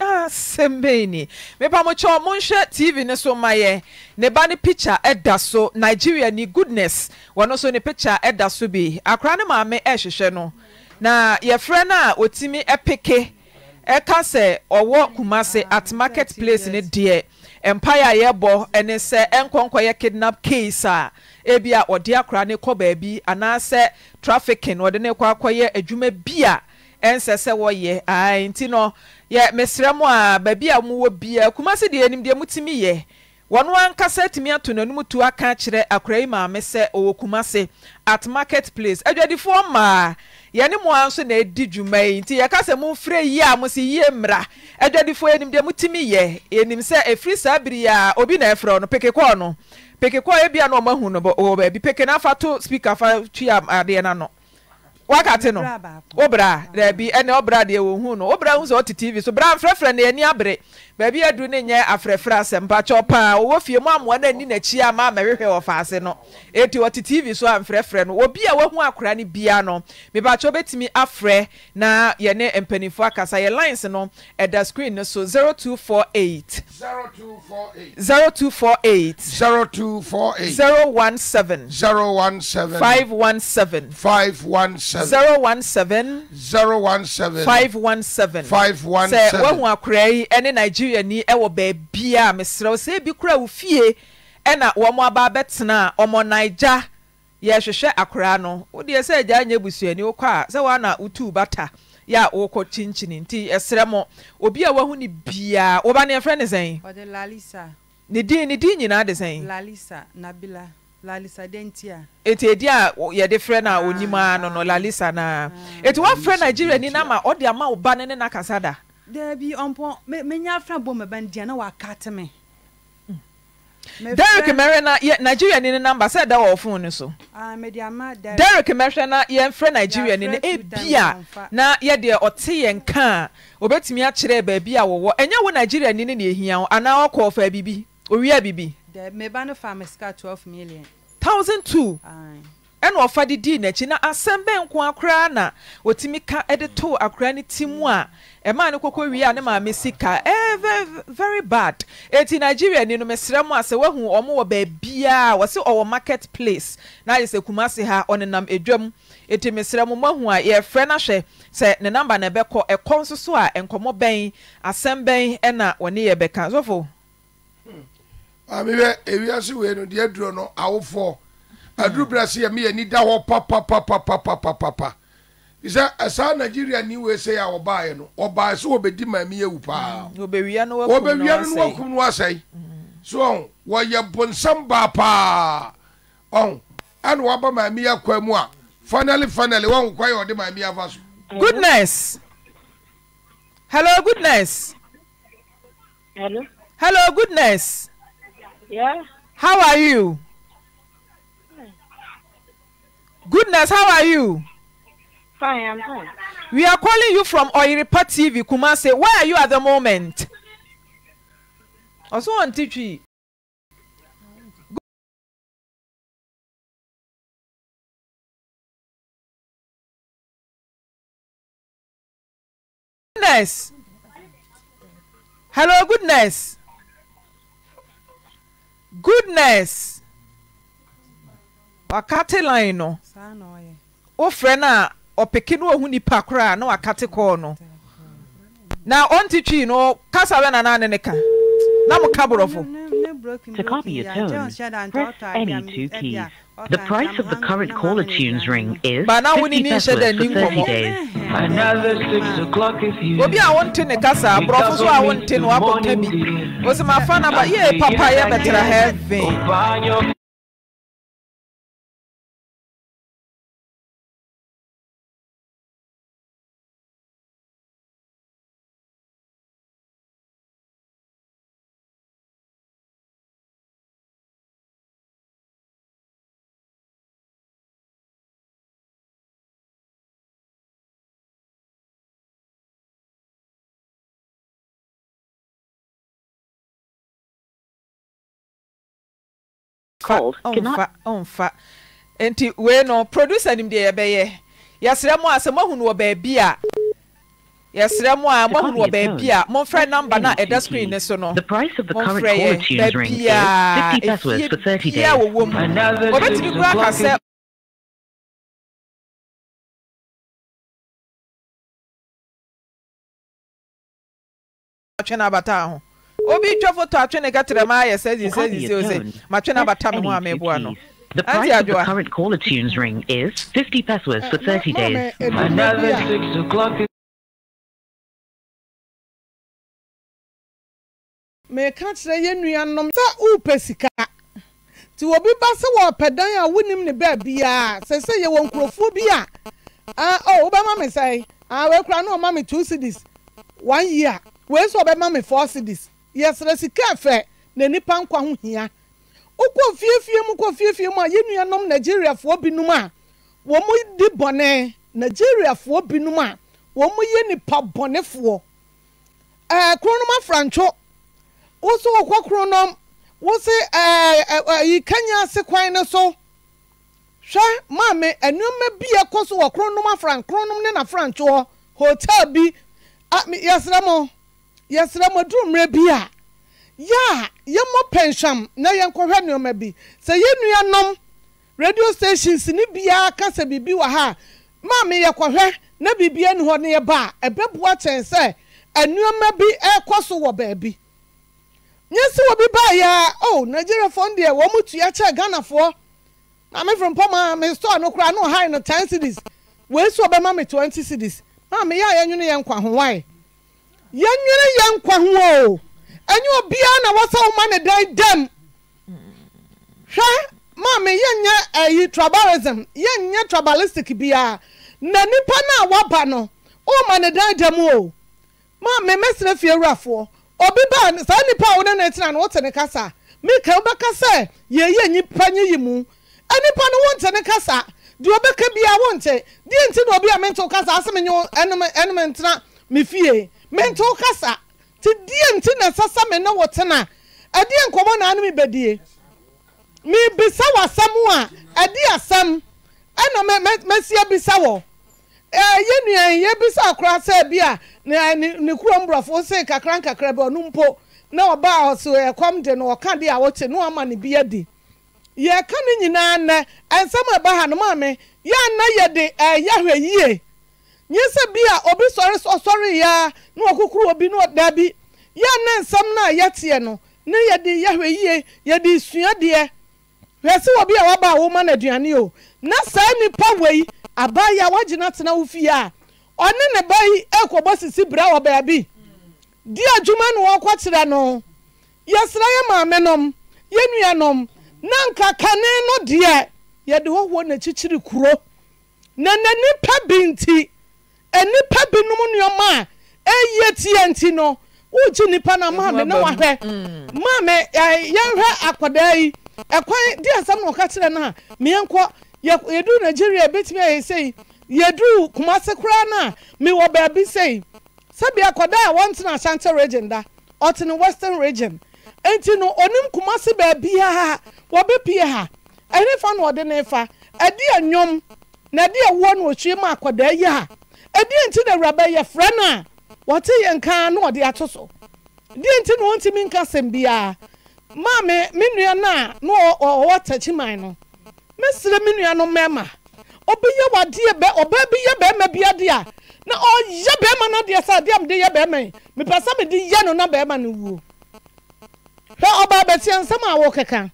asɛm bɛi ni mepa mokyɛw monhwɛ tv no so ma yɛ ne ba ne picture ɛda so nigeria ni goodness wɔno nso ne picture ɛda so bi akora ne maame ɛhwehwɛ no na yɛfrɛ no a ɔtumi ɛpeke ɛka sɛ ɔwɔ kumase ah, at market place ne deɛ mpaeɛ a yɛbɔ ɛne sɛ ɛnkɔnkɔyɛ kidnap case a ebi a ɔde akora ne kɔ baabi anaasɛ trafficking ɔde ne kɔ akɔyɛ adwuma bi a ɛnsɛ sɛ wɔyɛ ae nti no yɛ mesrɛ mu a baabi a mowɔ bia kumase deɛ anim deɛ mutumi yɛ wɔno ankasa atumi ato n'anom tu aka kyerɛ akora yi maame sɛ ɔwɔ kumase at market place adwadifoɔ mmaa yɛne mo ara nso na edi dwuma yi nti yɛka sɛ mo mfire yie a mo si yie mmra adwadifoɔ anim deɛ mutumi yɛ yɛnim sɛ efiri saa biri a obi na ɛfrɛ no peke kɔɔ no. peke kɔ ɛ bia no ɔmaahu no ɔbaabi peke na fa to speaker fa tia adeɛ no no wakati no obra daabi ɛna obra ah. deɛ wɔn hu no obra hu ɔte tv so bra mfrɛfrɛ ne ani abere baabi adu ne nyɛ afrɛfrɛ asɛmpakyɛ paa wɔwɔ fie mu amoa no ani n'akyi ama amɛhwehwɛ wɔ faase no eti ɔte tv so a mfrɛfrɛ no obi a wahu akora no bia no mibakyɛ obetumi afrɛ na yɛne mpanimfoɔ akasa yɛ lines no ɛda screen no so zero two four eight zero two four eight zero two four eight zero one seven zero one seven five one seven five one seven. 7517sɛ woahu akora yi ne nigeriani ɛwɔ baabia a meserɛ w sɛ ebi kora wo fie ɛna wɔmmɔ abaa bɛtena a ɔmɔ naigya yɛ ɛhwehwɛ akoraa no wo deɛ sɛ agyae nnyɛ abusuani wokɔ a sɛ woana wotuo bata yɛ a worokɔ kyinkyini nti ɛsrɛ mɔ obi a woahu ne biaa wobane ɛfrɛ ne sɛ n ne din ne din nyinaa de sɛni lalisa denti a. eti edi a yɛde frɛ na ah. onim a no lalisa na ah. eti wafrɛ nigeria ni na ma ɔde ama ɔba ne ne na kasa da. dabi ɔmpɔ mɛ mɛ nya afra bɔ mɛ ban diɛ na wa kaate mɛ. Mm. derrick mɛrɛ na yɛ nigeria ni ne namba sɛ da wɔ fon ne so. Ah, derrick mɛrɛ na yɛn frɛ nigeria ni ne ebia na yɛdeɛ ɔte yɛn kan a obetumi akyerɛ baabi a wɔwɔ ɛnyɛ wo nigeria ni ne na ehia anaa ɔkɔɔ fɛ bibi owia bibi. meba no fa sika 12 million 1002 ɛna ɔfa de dii n'akyi na asɛm bɛn nko akoraa na ɔtumi ka de too akoraa e no ti mu a ɛmaa ne koko wie a ne maame sika ɛɛ eh, very bad eti nigeria ni no mesrɛ mu a wahu ɔmo wɔ baabiaa wɔsi ɔwɔ market place na ayɛ sɛ kumase ha ɔnenam edwam eti mesrɛ mu mahu a yɛfrɛ n'ahwɛ sɛ ne namba na ɛbɛkɔ ɛkɔ e nso so a e nkɔmɔ bɛn asɛm bɛn ɛna wɔne yɛ bɛka zɔfo. Hmm. maame yɛ ewiase wei no deɛ duro no awofoɔ aduru bere ase yɛ mi yɛ ni da hɔ papapapapapapa sɛ ɛsaa nigeria ni wei sɛ yɛ a ɔbaayɛ no ɔbaayɛ so wɔbɛdi maame yɛ wu paa mm, wɔbɛwia no wɔkum no asɛe mm. so ɔn wɔyɛ bonsam baa paa ɔn ɛna waba maame yɛ kwan mu a finally finally wɔn kwan yɛ ɔde maame yɛ afa so. goodness hello goodness hello, hello goodness. Yeah. How are you? Goodness, how are you? Fine, I'm fine. We are calling you from Oiripa TV, Kumase. Where are you at the moment? Also on TV. Goodness. Hello, goodness. goodness waaka te lie no wo frɛ no a ɔpeke ne wɔhu nipa koraa na waka te kɔɔ no na ɔnte twii no kasa bɛnanaa ne ne ka na moka borɔfo To copy a tone, press any two keys. The price of the current caller tunes ring is 50 pesos for 30 days. Another 6 o'clock if you... Obi a wonte ne kasa, brofo so a wonte no abɔ tabi. Osi ma fa na ba, ye papa ye betra heaven. called cannot. Ɔnfa nti wei no producer nim deɛ yɛbɛyɛ yɛsrɛ mu a sɛ moahunu wɔ baabi a yɛsrɛ mu a moahunu wɔ baabi a momfrɛ namba no ɛda screen ne so no momfrɛ yɛ baabi a efie bi a wɔwɔ mu wɔbɛtumi kura ka sɛ atwe no abata ho obi twa foto atwe ne katere ma ayɛ sɛ sɛ sɛ sɛ matwe na bata me ho a meboa no The price of the current caller tunes ring is 50 pesos for 30 uh, days. Another 6 o'clock. meka kyerɛ yɛ nuanom sɛ wopɛ sika nti obi ba sɛ wɔpɛ dan a wonim ne baabiaa sɛ sɛ yɛwɔ nkurɔfoɔ bi a wobɛma me sɛe wɔakura ne ɔma me two cities one year wei sɛ ɔbɛma me four cities yɛsrɛ sika ɛfɛ na nipa nkwa ho hia wokɔ fiefie mu kɔ fiefie mu a yɛ nuanom nigeriafoɔ binom a wɔn di bɔne nigeriafoɔ binom a wɔn yɛ nipa bɔnefoɔ ɛɛ kronom afrantwo woso wɔkɔ kronom wosi ɛɛ ɛɛ yi kenya ase kwan ne so hwɛ maame nneɛma bi ɛkɔ so wɔ kronom afran kronom ne na frantwo hɔ hotel bi a yɛsrɛ mo yɛsrɛ mo duru mmerɛ bi a yɛ a yɛmmɔ pɛnhwam na yɛnkɔhwɛ nneɛma bi sɛ yɛn nuanom radio stations ne biara kasa biribi wɔ ha a maame yɛkɔhwɛ na biribi ani hɔ ne yɛba a ɛbɛboa kyɛn sɛ nneɛma bi ɛrekɔ so wɔ baabi nyɛ sɛ wɔbi baeɛ a o oh, nigeriafoɔ deɛ wɔn mu tua kyɛ ghanafoɔ maame from pɔma me store no koraa no ɔhae no ten cities wei so ɔbɛma me twenty cities maame yɛ a yɛnwene yɛn nkwa ho wae yɛnwene yɛ nkwa ho o ɛnyɛ obiara na wɔsɛ woma ne dan dɛm hwɛ maame yɛnyɛ ɛyi eh, tribalism yɛnyɛ tribalistic biara na nipa na a waba no woma ne dan dɛm o maame mɛsena fie wurafoɔ obi baa saa nipa a wone ne tena no wote ne kasa mika wobɛka sɛ yɛyɛ nyipa nye yi mu ɛnipa e no wonte ne kasa deɛ ɔbɛka biara wonte deɛ nti na obi a mente wo kasa asɛm nyɛ ɛnom ɛnom ntena me fie Mento wo kasa te deɛ nti na ɛsasa me ne wo tena ɛdeɛ nkɔmmɔ na ano mebɛdie mebisa wɔ asɛm a ɛde asɛm ɛna mɛsi abisa wɔ ɛyɛ e, nua yɛbisa akora sɛ bi a ne kura borɔfo se kakra nkakra bi ɔno mpo na ɔbaa ɔso ɛkɔm e, de no ɔka de a wɔte ne wama ne bi adi yɛka ne nyinaa nnɛ ɛnsɛm ɛba ha no maame yɛa nna e, yɛde ɛyɛ ahwɛ yie nye sɛ bi a obi sɔre ɔsɔre ya na ɔkukuru obi na ɔdabi yɛ ne nsɛm na yɛteɛ no ne yɛde yɛhwɛ yie yɛde sua deɛ hwɛ sɛ obi a waba a wɔma no aduane o na saa nipa wei abaayewa a wagyina tena wo fie a ɔne ne ba yi ɛkɔbɔ sisi bra wɔ baabi di adwuma no wɔkɔkyerɛ no yɛsrɛ yɛ maame nom yɛ nom na nka kane no deɛ yɛde hɔhoɔ n'akyikyiri kuro na n'ani pɛ bi nti nnipa binom nneɔma a ɛyɛ tiɛ nti no wogye nnipa no maame ne wahwɛ mm. maame yɛnhwɛ akwadaa yi ɛkwan de asɛm na wɔka kyerɛ no a meɛnkɔ yɛduru nigeria bɛtumi ayɛ sei yɛduru kumase koraa no a mewɔ baabi sei sɛbea akwadaa a wɔntena ashanti region da ɔtene western region nti no onim kumase baabiaa wɔbɛpie ha ɛne fa na ɔde ne fa ɛde anwom na ɛde ɛwoɔ na ɔtwie ma akwadaa yi a ɛdi nti na awuraba yɛ frɛ no a wɔte yɛn kan na wɔde ato so di nti na wɔntumi nka sɛm biara maame me nua no a na ɔwɔ tɛkyiman no mesere me nua no mmarima ɔbɛyɛ wadeɛ bɛ ɔbaa bi yɛ bɛrima bi adeɛ a na ɔyɛ bɛrima no adeɛ sɛ adeɛ a mede yɛ bɛrima yi mepɛ sɛ mede yɛ no na bɛrima no wuo hwɛ ɔbaa bɛtia nsɛm a wɔkeka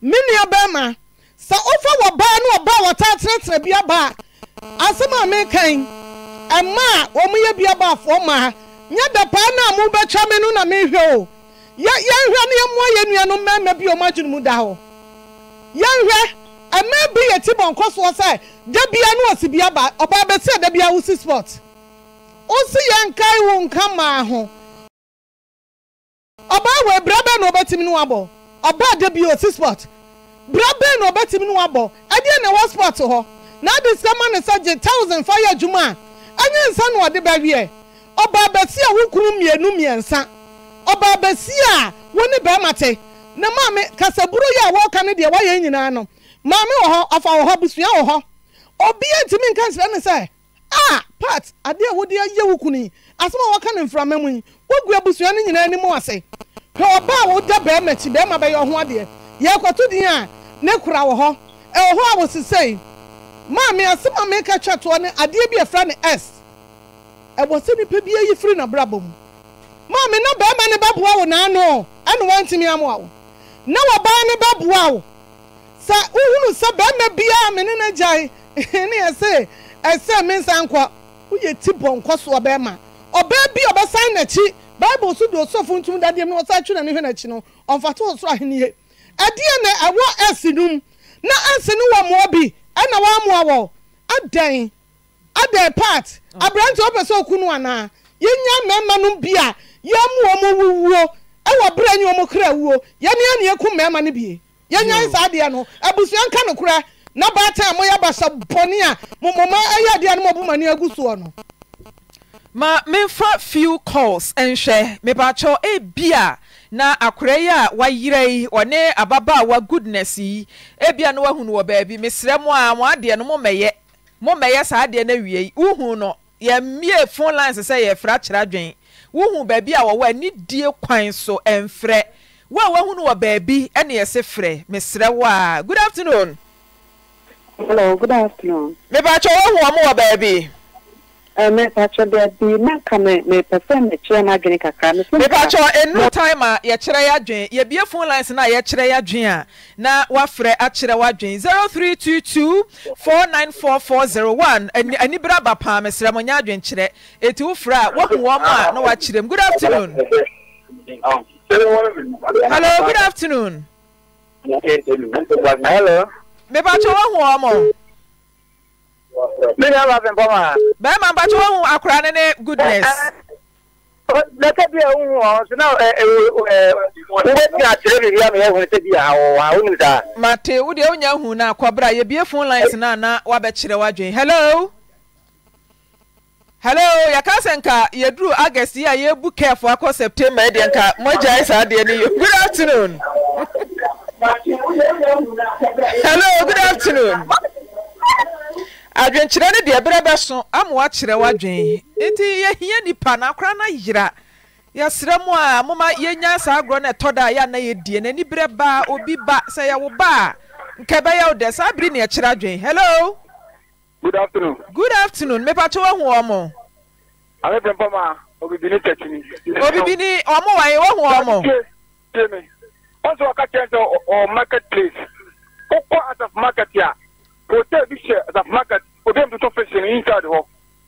me nua bɛrima sɛ wofa wɔ baa ne ɔbaa wɔtaa tenetene bi abaa asɛm a mekan ɛma a wɔn yɛ bia ma nyɛ dapaa no a no na o yɛnhwɛ no yɛmmoa yɛn nuanom mmarima bi ɔma adwene mu da hɔ yɛnhwɛ ɛma bi yɛ ti bɔnkɔ soɔ sɛ da bia no wɔsi bia ba ɔbaa bɛsi a da yɛn nka ho ɔbaa wɔ ebira bɛɛ na no ɔbaa osi bira bɛɛ na no ɛdeɛ na na de sɛma ne sɛ gye thousand fa yɛ adwuma a ɛnyɛ nsa na ɔde bɛweɛ ɔbaa bɛsi a wokunu mmienu mmiɛnsa ɔbaa bɛsi a wɔne barima te na maame kasaburo yi a wɔreka no deɛ wɔyɛ nyinaa no maame wɔ hɔ afa wɔ hɔ busua wɔ hɔ obiara ntumi nka nkyerɛ ne sɛ a pat adeɛ a wɔde ayɛ wo kunu yi asɛm a wɔka ne mframa mu yi wogu abusua no nyinaa anim ase hwɛ ɔbaa a wɔda bɛrima akyi bɛrima bɛyɛ ɔho adeɛ Yɛ yɛrekɔto din a ne kura wɔ hɔ ɛwɔ hɔ a wɔsesɛe maame ase a meka kyɛ toɔ ne adeɛ bi ɛfra ne s ɛwɔ sɛ nipa bi eyi firi n'abrabɔ mu maame na bɛrima ne bɛboa wo n'ano ɛna wɔntumi amoa wo na wɔbaa ne bɛboa wo sɛ wohunu sɛ bɛrima biara me ne gya gyae ne ɛsɛ ɛsɛ me nsa nkɔ woyɛ ti bɔ nkɔ soɔ bɛrima ɔbaa bi ɔbɛsan n'akyi bible so de osɔfo ntum dadeɛ mu na wɔsan atwi n'ani hwɛ n'akyi no ɔmfata wɔ soro ahenniye ɛdeɛ na ɛwɔ ɛsi no mu na ɛsi no wɔ mmoa bi ɛna wɔamoa wɔ adɛn adɛn part oh. aberante wopɛ sɛ oku no anaa yɛnya mmarima no bi a yɛamuɔ mu wuwuo ɛwɔ berɛ nyi ɔ mu kra wuo yɛne aneɛku mmarima no bie yɛnya nsaa deɛ no abusua nka nokora na baatan moyɛ basa bɔne a momoma ɛyɛ deɛ no mɔbo mane egu soɔ no ma mefa few calls nhwɛ mebakyɛw ebia na akora yi a wayerɛ yi ɔne ababaawa goodness yi ebia no wahunu wɔ baabi mesrɛ mu a mo adeɛ no mo mɛyɛ mo mɛyɛ saa adeɛ no awie yi wohu no yɛmmie phone lines sɛ yɛfrɛ kyerɛ adwen wohu baabi a wɔwɔ ani die kwan so ɛmfrɛ wo a wahunu wɔ baabi ɛne yɛse frɛ mesrɛ wo a good afternoon. hello good afternoon. mepakyɛ woahu ɔmo wɔ baabi. Eh, mepatwɛ baabi na nka mepɛ sɛ mekyerɛ m'adwene kakra ɛnu time a yɛkyerɛ yɛ adwene yɛbie phone lines na yɛkyerɛ yɛ adwene a na wafrɛ akyerɛ w'adwene zero three two two four nine four four zero one anibere aba paa mesrɛ mo nyɛ adwene kyerɛ eti wofrɛ a wohu wɔn a na wakyerɛ mu good afternoon hello good afternoon hello mepatwɛ wohu wɔn. bɛrima mpakyɛ woahu akora ne ne goodness bɛka eh, eh, bi a wohu ɔ so na wobɛtumi akyerɛ biribi ama yɛhunu ahụ bi a wɔwɔ a wonim saa mate wodeɛ wonya hu no akɔberɛ a yɛbie phone lines no a na woabɛkyerɛ woadwen hello hello yɛka sɛ nka yɛduru august yi a yɛbu e nka saa good afternoon good afternoon adwenkyerɛ no deɛ berɛ bɛso amoakyerɛ w'adwen nti yɛhia nnipa no akora no yera yɛserɛ mu a moma yɛnya saa agorɔ no ɛtɔ da a yɛana yɛdie n'ani berɛ baa obi ba sɛ yɛwo ba a nkɛ bɛyɛ wo dɛ saa bere ne ɛkyerɛ adwen hello good afternoon good afternoon mepatwe woahu wɔ mo amepɛmpama obibini tɛkyini obibini ɔmo wɔn woahu wɔ mo ɔnso wɔka kyerɛ sɛ ɔ market place wokɔ asaf market a hotel bi hyɛ asafomaka obi a mtoto fashion yi card hɔ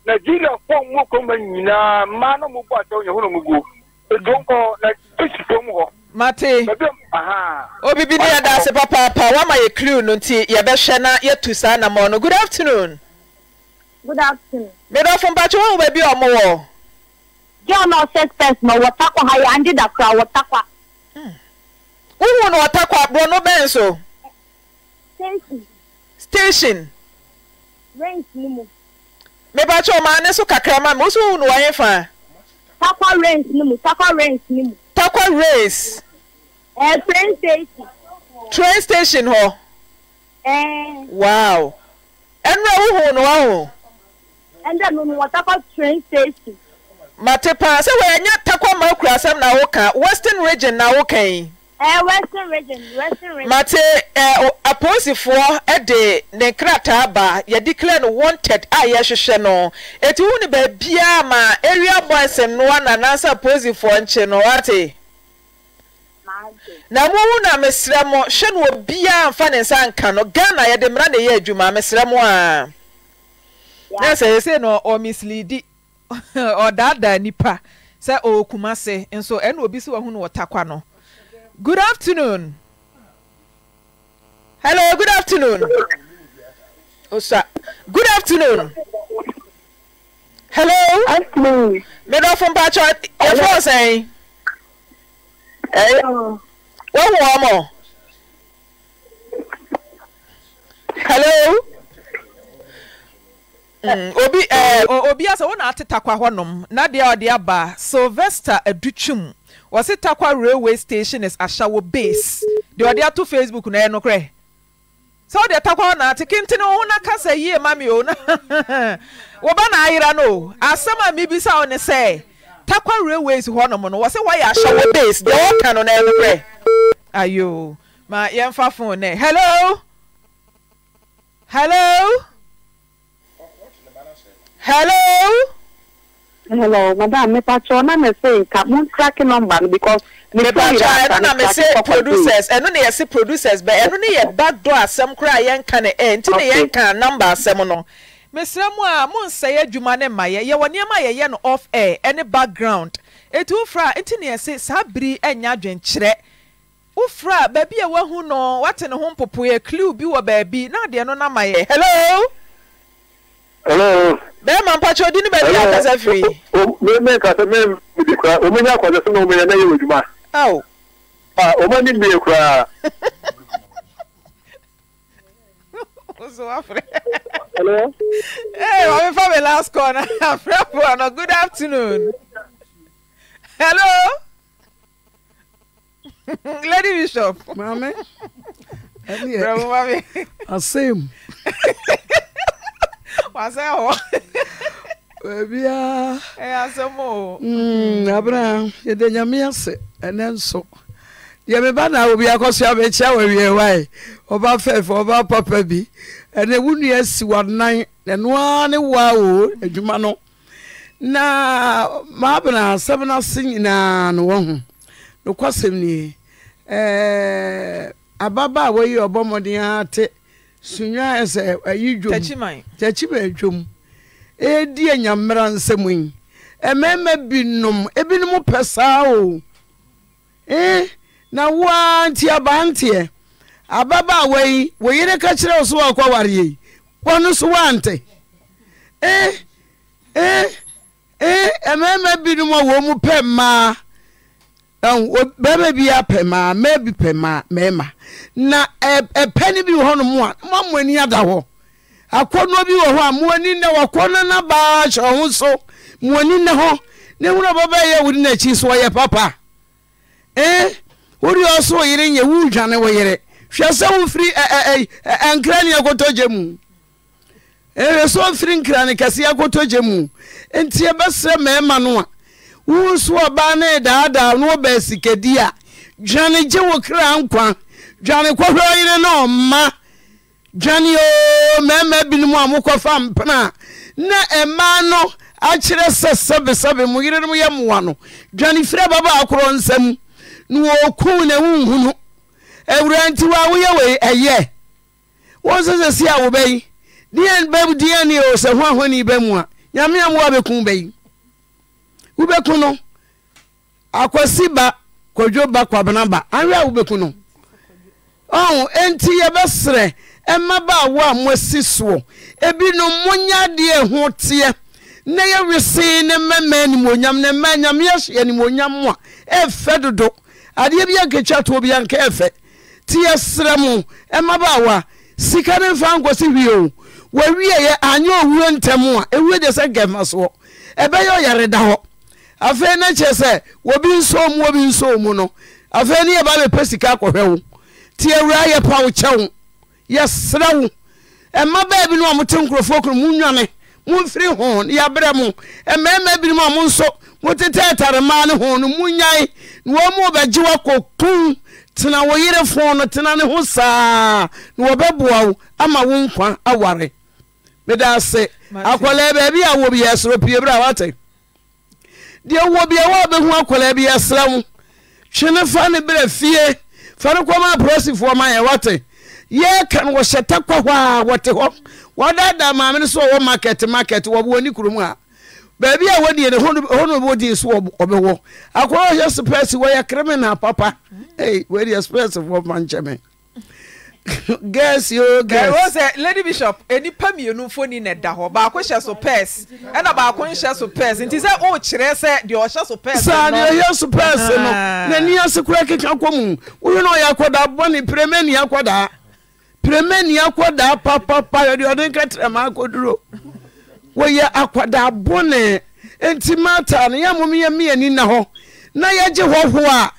nigeria fɔ mu kuroma nyinaa mmaa na mo bu atɛw nyɛ hɔnom guo ɛdɔn kɔ na esi fam hɔ. mate obi bi ne yɛ daase papaapa wama yɛ crew no nti yɛbɛhwɛ na yɛtu saa namɔ no good afternoon. good afternoon. medɔfo mpakye wɔn wo baabi a ɔmo wɔ. john ɔsɛt fɛs na ɔwɔ takwa ha yɛ andi dakora ɔwɔ takwa. Hmm. wohu no ɔtakwa aborɔ no bɛn so. thank station. rent ni mu. mebakyɛ ɔmaa ne so kakra ma mi o so wu no fa. takwa rent ni mu takwa rent ni mu. takwa race. ɛɛ eh, train station. train station hɔ. ɛɛ. Eh. wow ɛnura wuhu no wa ho. ɛnda no no wɔ takwa train station. mate paa sɛ wɔyɛ nyɛ takwa ma okura asɛm na awoka western region na awoka yi. Eh, mate eh, apolisifoɔ eh, de ne nkrataa ba yɛde klɛ no wanted a yɛhwehwɛ no ɛti wo ne baabiaa ma aria boys nnoa nanaasa apolisifoɔ nkye no ate na mowu na mesrɛ mo hwɛ no obiaa mfa ne nsa nka nọ, ghana yɛde mmara na ɛyɛ adwuma mesrɛ mo a na sɛ yɛsei no nipa sɛ ɔwɔ kuma obi sɛ wahu no wɔtakwa no good afternonlgo atngod afterno mɛdɔfompaky ɛfɔ sɛ wɔhomɔobia sɛ wonaatetakwa hɔnom na de ɔde ba sylvesta adu twum wɔsi takwa railway station is ashawo base deɛ ɔde ato facebook na ɛno korɛ sɛ ɔde takwa na ate kente ne ho na kasa yie mami o na wɔba na ayera no asɛm a mibisa wɔn ne sɛ takwa railways si hɔnom no wɔsi wɔyɛ ashawo base deɛ ɔka no na ɛno korɛ ayo ma yɛnfa phone nɛ hello hello hello hello madam mepatro na me say nka mo n track number no because. mepatro ɛno na me say producers ɛno na yɛsi producers bɛ ɛno na yɛ back door asɛm koraa yɛnka ne ɛ nti na yɛnka number asɛm no mesrɛ mu a mo nsɛe adwuma ne ma yɛ yɛwɔ nneɛma a yɛyɛ no off air ɛne background etu fura nti na yɛsi saa biri ɛnya adwenkyerɛ wofura baabi a wahu no wate ne ho mpopoeɛ clue bi wɔ baabi na adeɛ no na ma yɛ hello bẹẹma mpatsi odi ni baabi akasa firi. mẹ́mẹ́ nkasa mẹ́mẹ́ mìíràn kura ọmọ ní akọ̀dọ̀ sínú ọmọ yẹn n'ayẹwò jùmọ̀. awo. a ọmọ ní mìíràn kura. Oso afre. Hello. Hey, mami fa mi last call na afre buwano good afternoon. Hello. Lady Bishop. Maame. Bravo mami. Asem. wasɛhɔ baabiaa asɛm o abena yɛde nyame ase ɛnɛ nso deɛ meba na obiakɔ so a mekyia wɔawie wae ɔba fɛfɛ ɔba papa bi ɛnɛ wo nua si wanan ɛnoara ne woa oo adwuma no na maabena asɛm no ase nyinaa no wɔho nokwasɛm nie eh, ababa ababaawa yi ɔbɔ mmɔden aa te swaɛ sɛiwntakyimadwom ɛdia nyammera eh, nsɛmu eh, yi ɛmɛma e binom ebinom opɛ saa o e, na woa nti abaa nteɛ ababa a wai wɔ yerɛ ka kyerɛwo so waakɔwareyɛi kpɔ no so woa nte mɛma binom a wɔ mu pɛ maa bi ya pɛ maa maa bi pɛ maa mɛɛma na ɛpɛ ne bi wɔ hɔnom a ma mo ani ada hɔ akɔnɔ bi wɔ hɔ a mo ani nɛ wakɔnɔ na baa hyɛ ɔho so mo ani nɛ hɔ ne ho na bɛbɛyɛ wode n'akyi so ɔyɛ papa ee wode ɔso yere nyɛ wundwane wo yere hwɛ sɛ wofiri nkra ne akɔtɔ gye mu ɛhwɛ sɛ ɔfiri nkra ne kɛseɛ akɔtɔ gye mu nti ɛbɛsrɛ mɛɛma no a wusu ɔbaa ne daadaa no ɔbɛ sikadi a dwane gye wo kra nkwa dwane kɔhwɛ yere ne ɔma dwane oo mmarima binom a mokɔfa mpena na mmaa no akyerɛ sɛ sɛbesɛbe mo yere no yɛ mmoa no dwane firi ababaa korɔ nsam na wɔku na wonhunu awura nti wa woyɛ wei ɛyɛ wɔn sɛ sɛ si a wobɛyi deɛ bɛbu deɛ ne o sɛ ho ahoni bɛ mu a nyame amoa bɛku bɛyi wobɛku no akwasi ba kwadwo ba kwabena ba anwɛ a wobɛku no ɔn enti yɛbɛserɛ mmabaawa a moasi soɔ ebinom monya adeɛ ho teɛ na yɛwesee ne mmɛma animonyam ne mma nyame yɛhyɛ animonyam mu a ɛfɛ dodo adeɛ bi anketwa toɔ bi anka ɛfɛ te yɛserɛ mo mmabaawa sika ne mfa nkɔsi hwie o wɔawie yɛ anyɛ owuo ntɛm a ɛwue deɛ sɛ nkɛmfa soɔ ɛbɛyɛ ɔyɛreda hɔ afei no akyerɛ sɛ wɔbi nsoo mu wɔbi nso mu no afei ne yɛba bɛpɛ sika akɔhwɛ wo ti awura yɛ pawo kyɛwo yɛserɛ wo ma baabinom a motenkurɔfoɔ k moane momfiri ho yɛberɛ mo aima binom a mo nso motetɛtaremaa ne hono munyae na wɔmu o bɛgyewakoku tenawo yere fono tenane ho saa na wɔbɛboa wo ama wo nkwa aware edse akɔ baabi a wɔyɛ sorɔ piebr deɛ wɔ bia wɔ bɛhu akɔlaa bi yɛsrɛ mo twene fa ne berɛ fie fa no kɔma aporɔsifoɔ ma yɛ wɔte yɛka no wɔhyɛ ta hɔ a wɔte hɔ wɔdaadaa maame no so wɔwɔ market market wɔbɛwɔ ne kurom a baabi a wɔdie no hono wɔdie so ɔbɛwɔ akɔrɔ ɔyɛ spɛs wɔyɛ criminal papa ei wɔdi spɛs foɔ ma nkyɛme girls yoo girls. ẹ̀rọ sẹ lady bishop enipa eh, mmienu mfoni na ẹda hɔ baako hyɛ so pɛɛs ɛna baako nhyɛ so pɛɛs nti sɛ o kyerɛ sɛ deɛ ɔhyɛ so pɛɛs. saa deɛ ɔhyɛ so pɛɛs no ah. n'ani ase kura keka kɔ mu wúwo náà ɔyɛ akɔda bɔ ne pèrèmé ni akɔda pèrèmé ni akɔda papapa yɛde ɔde nkɛtɛrɛ maa kɔduro wɔyɛ akɔda bɔ ne nti mata ne yɛ mo yɛ mmienu na hɔ na yɛgye hɔhoɔ a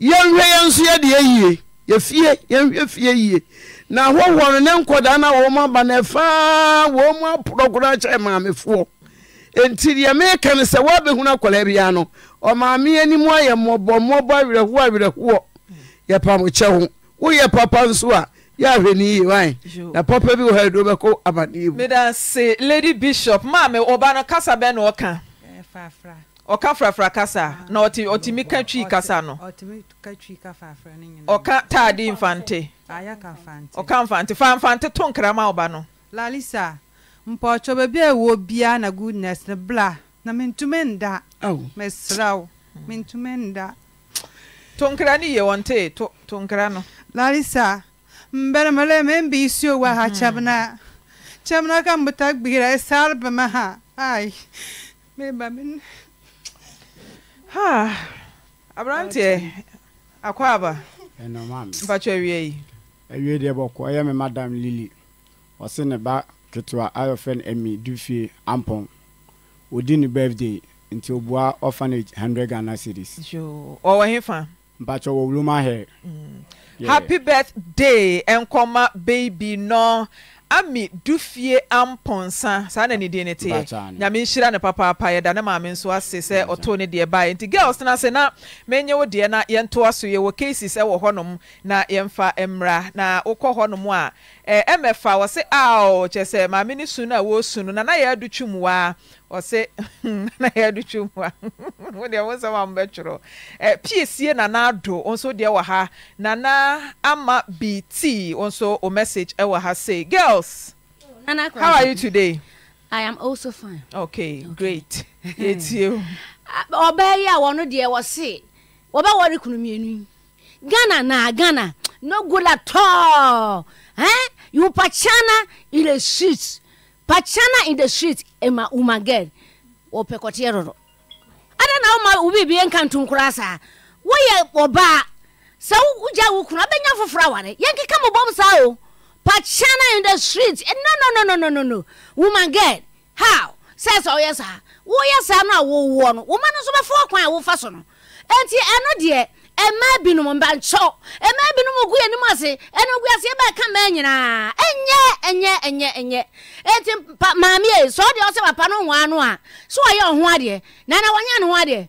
yɛnhwɛ yɛn nso yɛ deɛ yie yɛfie yɛnhwɛ fie yie na ahɔhoɔ no ne nkɔdaa no a wɔn aba no ɛfaa wɔn mu aporɔkoro akyɛ maamefoɔ nti deɛ meka no sɛ woabɛhunu akwadaa biara no ɔmaame anim ayɛ mmɔbɔ mmɔbɔ awerɛhoɔ awerɛhoɔ yɛpamokyɛ ho woyɛ papa nso a yàhwẹ ni wáyé na papa bi wọ ha ẹdọ bẹ kó abàdìyẹ mu. mi da se lady bishop maame ọba no kasa bẹ́ẹ̀ na ọ̀ka. ẹ fà fà. Ọka frafra kasa ah. na ɔtumi ka twii kasa no Ọka tade mfante ɔka ah, mfante fa mfante to nkrama woba no lalisa mpɔɔkyɛ baabi a ɛwɔ biaa na goodness na bla na mentumi nda mesrɛ wo hmm. mentumi nda tonkra no ye wɔnte tonkra no lalisa mbɛrɛmɛlɛ membi isi owu ha, kyɛmna kyɛmna ka mbota gbigira ɛsar bɛma ha ai meba men aberanteɛ akɔ aba mpatwɛ awie yi awie deɛ bɔkɔ ɛyɛ me madam lili ɔse ne ba ketewa ayɔfɛ no ami dufie ampɔn ɔdi ne birthday nti ɔboa orphanage 100 ghana series ɔwɔ he fa mpatwɛ wɔ wuloma hɛ mm. happy birthday ɛnkɔma baby no ami du fie ampɔnsa saa neni di ne teɛnyamenhyira ne papaapaeɛda ne maame nso ase sɛ ɔtoo ne deɛ baɛ nti girls na ase na manyɛ wo deɛ na yɛnto aso yɛ wɔ cases wɔ hɔnom na yɛmfa mmra na wokɔ hɔ nom a ɛmɛfa eh, eh, wɔse ao kyɛ sɛ maame ne su a wɔsu no nana yɛ ado twum waa ɔse nana yɛ ado twum waa wodeɛ wo nsɛm a mobɛtwerɛ pie sie nana ado wo nso deɛ wɔ ha nana ama bt wo nso o message ɛwɔ e ha say girls how are you today i am also fine okay, okay. great yɛtie ɔbaa ah, yi a wɔno deɛ wɔse wɔbɛwɔ ne kunu mmienu ghana na ghana no good at all Eh? owpachana in the street pahana inthe street wmager wɔpɛɛrorɔ ada na wowobibiɛka tomkoraa saa woyɛ ɔbaa sɛ wogya wo kona bɛnya foforɔ aware yɛnkeka mɔbɔm saa o pacana in the street woma gir h eh, sɛ sɛ woyɛ saa woyɛ saa no awowoɔno woma no nso bɛfu kwan a wofa so no nti ɛno deɛ mma binom mba nkyɛ ma binom gua nem ase ɛnoguaase ɛbɛɛka ma nyinaa ɛyɛnti mamee sɛ wodeɛ ɔsɛ bapa no wa no a sɛ wɔyɛ ɔ ho adeɛ nana wɔya ne ho adeɛ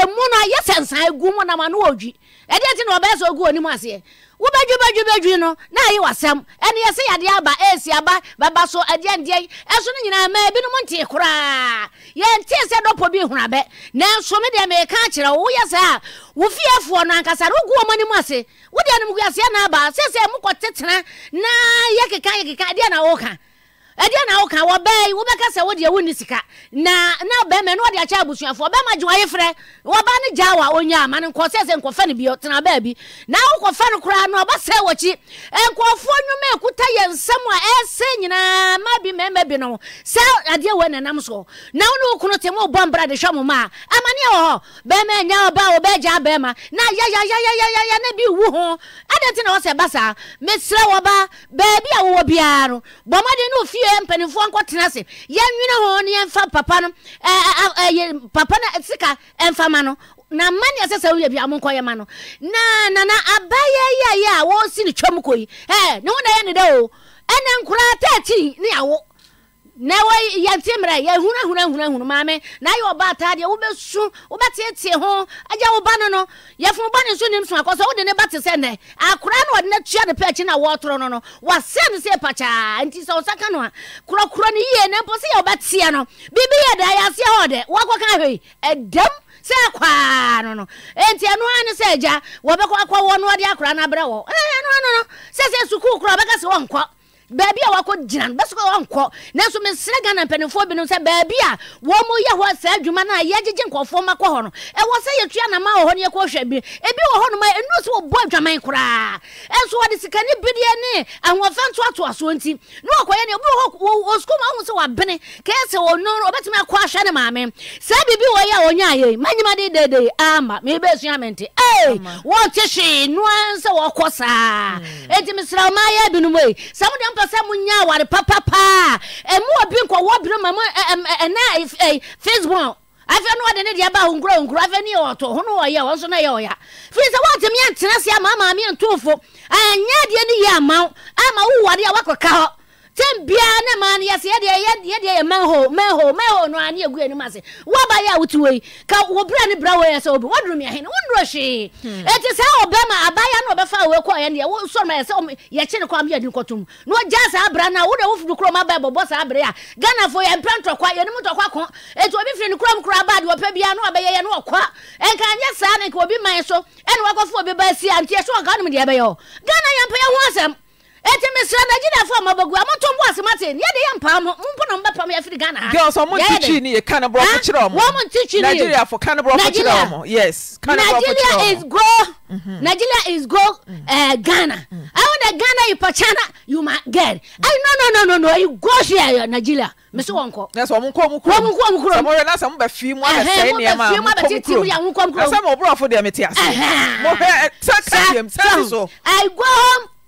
emu no ayɛ sɛ nsa egu mu nam ano odwi ɛdeɛ ti na ɔbɛyɛ sɛ ogu onim aseɛ wobɛdwi bɛdwi bɛdwi no na ayɛ wasɛm ɛne yɛsɛ yadeɛ aba esi aba bɛba so ɛdeɛ ndeɛ ɛso no nyinaa mɛ ebinom nte koraa yɛnte sɛ dɔpɔ bi ehun abɛ nanso mi deɛ mɛ ɛka kyerɛ wo woyɛ sɛ a wo fie foɔ no ankasa no wogu wɔn anim ase wodeɛ anim gu aseɛ na aba sɛ sɛ emu kɔ tetena na yɛ keka yɛ keka ɛdeɛ na ɔɔka ɛdeɛ na woka wɔbɛi wobɛka sɛ wodeɛ wonni sika na na bɛrima ne wɔde akyɛ abusuafoɔ bɛrima gye wayɛ frɛ wɔba ne gya wa ɔnya ama no nkɔsɛ sɛ nkɔfɛ no bio tena baabi na wokɔfɛ no koraa no ɔbɛsɛe wɔkyi nkurɔfoɔ nnwuma ɛkuta yɛ nsɛm a ɛsɛ nyinaa ma bi mmarima bi no sɛ adeɛ wɔ nenam soɔ na wo ne wo kunu te mo bɔ mbra de hwɛ mo ma a amaneɛ wɔ hɔ bɛrima ɛnya ɔba a na yayayayayaya na bi wu ho adɛn nti na wɔ sɛ ba saa mesrɛ wɔba baabi a wowɔ biara no bɔ yɛ mpanimfoɔ nkɔtena ase yɛnwene ho no yɛmfa papa no papa no sika ɛmfama no na mma ne ɛsɛ sɛ woyɛ bia monkɔyɛ ma no na nana abayɛ yɛyɛ a wɔsi ne twam kɔ yi ne wo na yɛ ne dɛ o ɛnɛ nkoraa 13 ne awo na wɔ yɛnte mmerɛ yɛhuna huna huna huna maame na ayɛ ɔba ataadeɛ wobɛsu wobɛtietie ho agya wo ba no no yɛfo ba ne nso nim so akɔ sɛ wode ne ba te sɛ nnɛ akora na ɔde no tua ne pɛ akyi na wɔɔtorɔ no no wasɛ ne sɛ pakyaa nti sɛ wosaka no a korɔkorɔ no yie na mpo sɛ yɛ wobɛteɛ no biribi yɛ da yɛaseɛ hɔ dɛ woakɔka hwei ɛdam e sɛ kwaa no no enti ɛno a ne sɛ agya wɔbɛkɔ akɔ wɔ no ɔde akora no abrɛ wɔ ɛno ano no sɛ sɛ sukuu korɔ ɔbɛka sɛ wɔnkɔ baabi a wakɔ gyina no bɛsɛ wɔnkɔ nanso mesrɛ ghana mpanimfoɔ binom sɛ baabi a wɔn mu yɛ hɔ saa adwuma no a yɛgyegye nkɔfoɔ ma kɔ hɔ no ɛwɔ sɛ yɛtua nama wɔ hɔ no yɛkɔhwɛ bi ebi wɔ hɔ no ma ɛnu sɛ wɔbɔ adwaman koraa ɛnso wɔde sikani bideɛ ne ahoɔfɛ nso atoasoɔ nti na wɔkɔyɛ ne obi wɔ hɔ wɔ sukuu ma ɔmo sɛ wabene kɛse wɔn no ɔbɛtumi akɔ ahwɛ ne maame saa biribi wɔ yɛ a wɔnyɛ ayɛ yi manyima ama mebe esua mente ɛ ee wɔn ti hwee nua sɛ wɔkɔ saa eti misiri ɔmo ayɛ binom yi sɛ mo de mpɛ sɛ mo nya awari papapa ɛmu obi nkɔ wɔ binom ɛmu ɛm ɛnɛ ɛ facebook afei no wɔde ne deɛ ba nkura nkura afei ne yɛ ɔtɔ ho no wɔyɛ wɔn nso no yɛ ɔya firi sɛ wɔte mi yɛ ntena se ama ama mi yɛ ntofo ɛnyɛ deɛ ne yɛ ama ama wo wɔde a wakɔ ka hɔ tem bia na ma ne yɛsɛ yɛdeɛ yɛdeɛ yɛ manho manho manho no ane agu anim ase woaba yɛ a wote wei ka wɔbra ne bra wɔyɛ sɛ wobi wodoro meahene wondoro abaya na ɔbɛfa wei kɔɔ ɛndeɛ wosɔrema yɛ sɛ yɛkye ne kɔ ama yɛde nkɔtom na ɔgya saa bra no a wode wofudu saa bere a ghanafoɔ yɛmpɛ ntɔkwa yɛnom ntɔkwa ko ɛnti obi firi ne kurom koraa baa deɛ ɔpɛ bia na ɔbɛyɛyɛ ne ɔkwa ɛnka nyɛ saa ne nka obi man so ɛne wakɔfo obi ba si a nti ɛsɛ ɔka nom deɛ ɛbɛyɛ hɔ ghana yɛmpɛ yɛ ti mesera nigeriafoaa motomostapa a aa mhm. mm. eh, mm. a n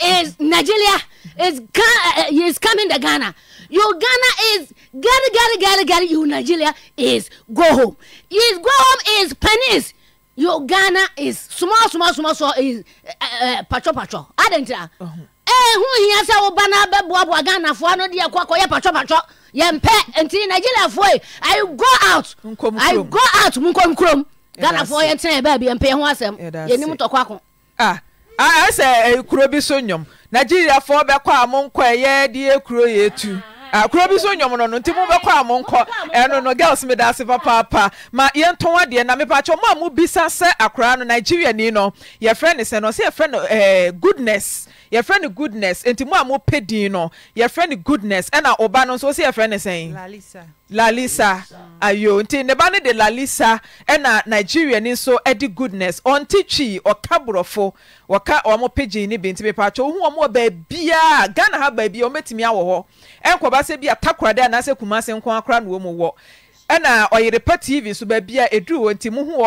is Nigeria is uh, is coming to Ghana. Your Ghana is Gary Gary Gary Gary. Your Nigeria is go home. Is go home is pennies. Your Ghana is small small small small is patrol uh, uh, patrol. I don't know. Uh-huh. Eh, who here say we banana be boa boa Ghana for no dia kwa kwa patrol patrol. Yempe until Nigeria for I go out. I go out. Munkom krom. Ghana for yentene baby yempe ho asem. Yenim tokwa ko. Ah. ɛsɛ ekuro eh, bi so nyom nnwom nigeriafoɔ bɛkɔ a monkɔ ɛyɛ de yɛ kuro yɛ tu kuro bi so nyom no no nti mobɛkɔ a monkɔ ɛno no girls meda ase papaapa ma yɛntɔn adeɛ na mepakyɛ mo a mobisa sɛ akoraa no nigeria ni no yɛfrɛ ne sɛ no ɔsɛ yɛfrɛ no eh, goodness yɛfrɛ no goodness nti mu a mopɛ din no yɛfrɛ no goodness ɛna ɔba no nso wɔsi yɛfrɛ no sɛn lalisa, lalisa. ayo nti ne ba no de lalisa ɛna nigeria ni nso ɛde goodness ɔnte twi ɔka borɔfo wɔka wɔn pagyin ne bi nti mipa atwa ohun wɔn wɔ baabiaa ghana ha baabia wɔn mɛtumi awɔ hɔ ɛnkɔba sɛ bi atakoradi anaasɛ kumase nko akora na wɔn wɔ ɛna ɔyere pa tv so baabia eduru wɔn ti mu hu wɔn.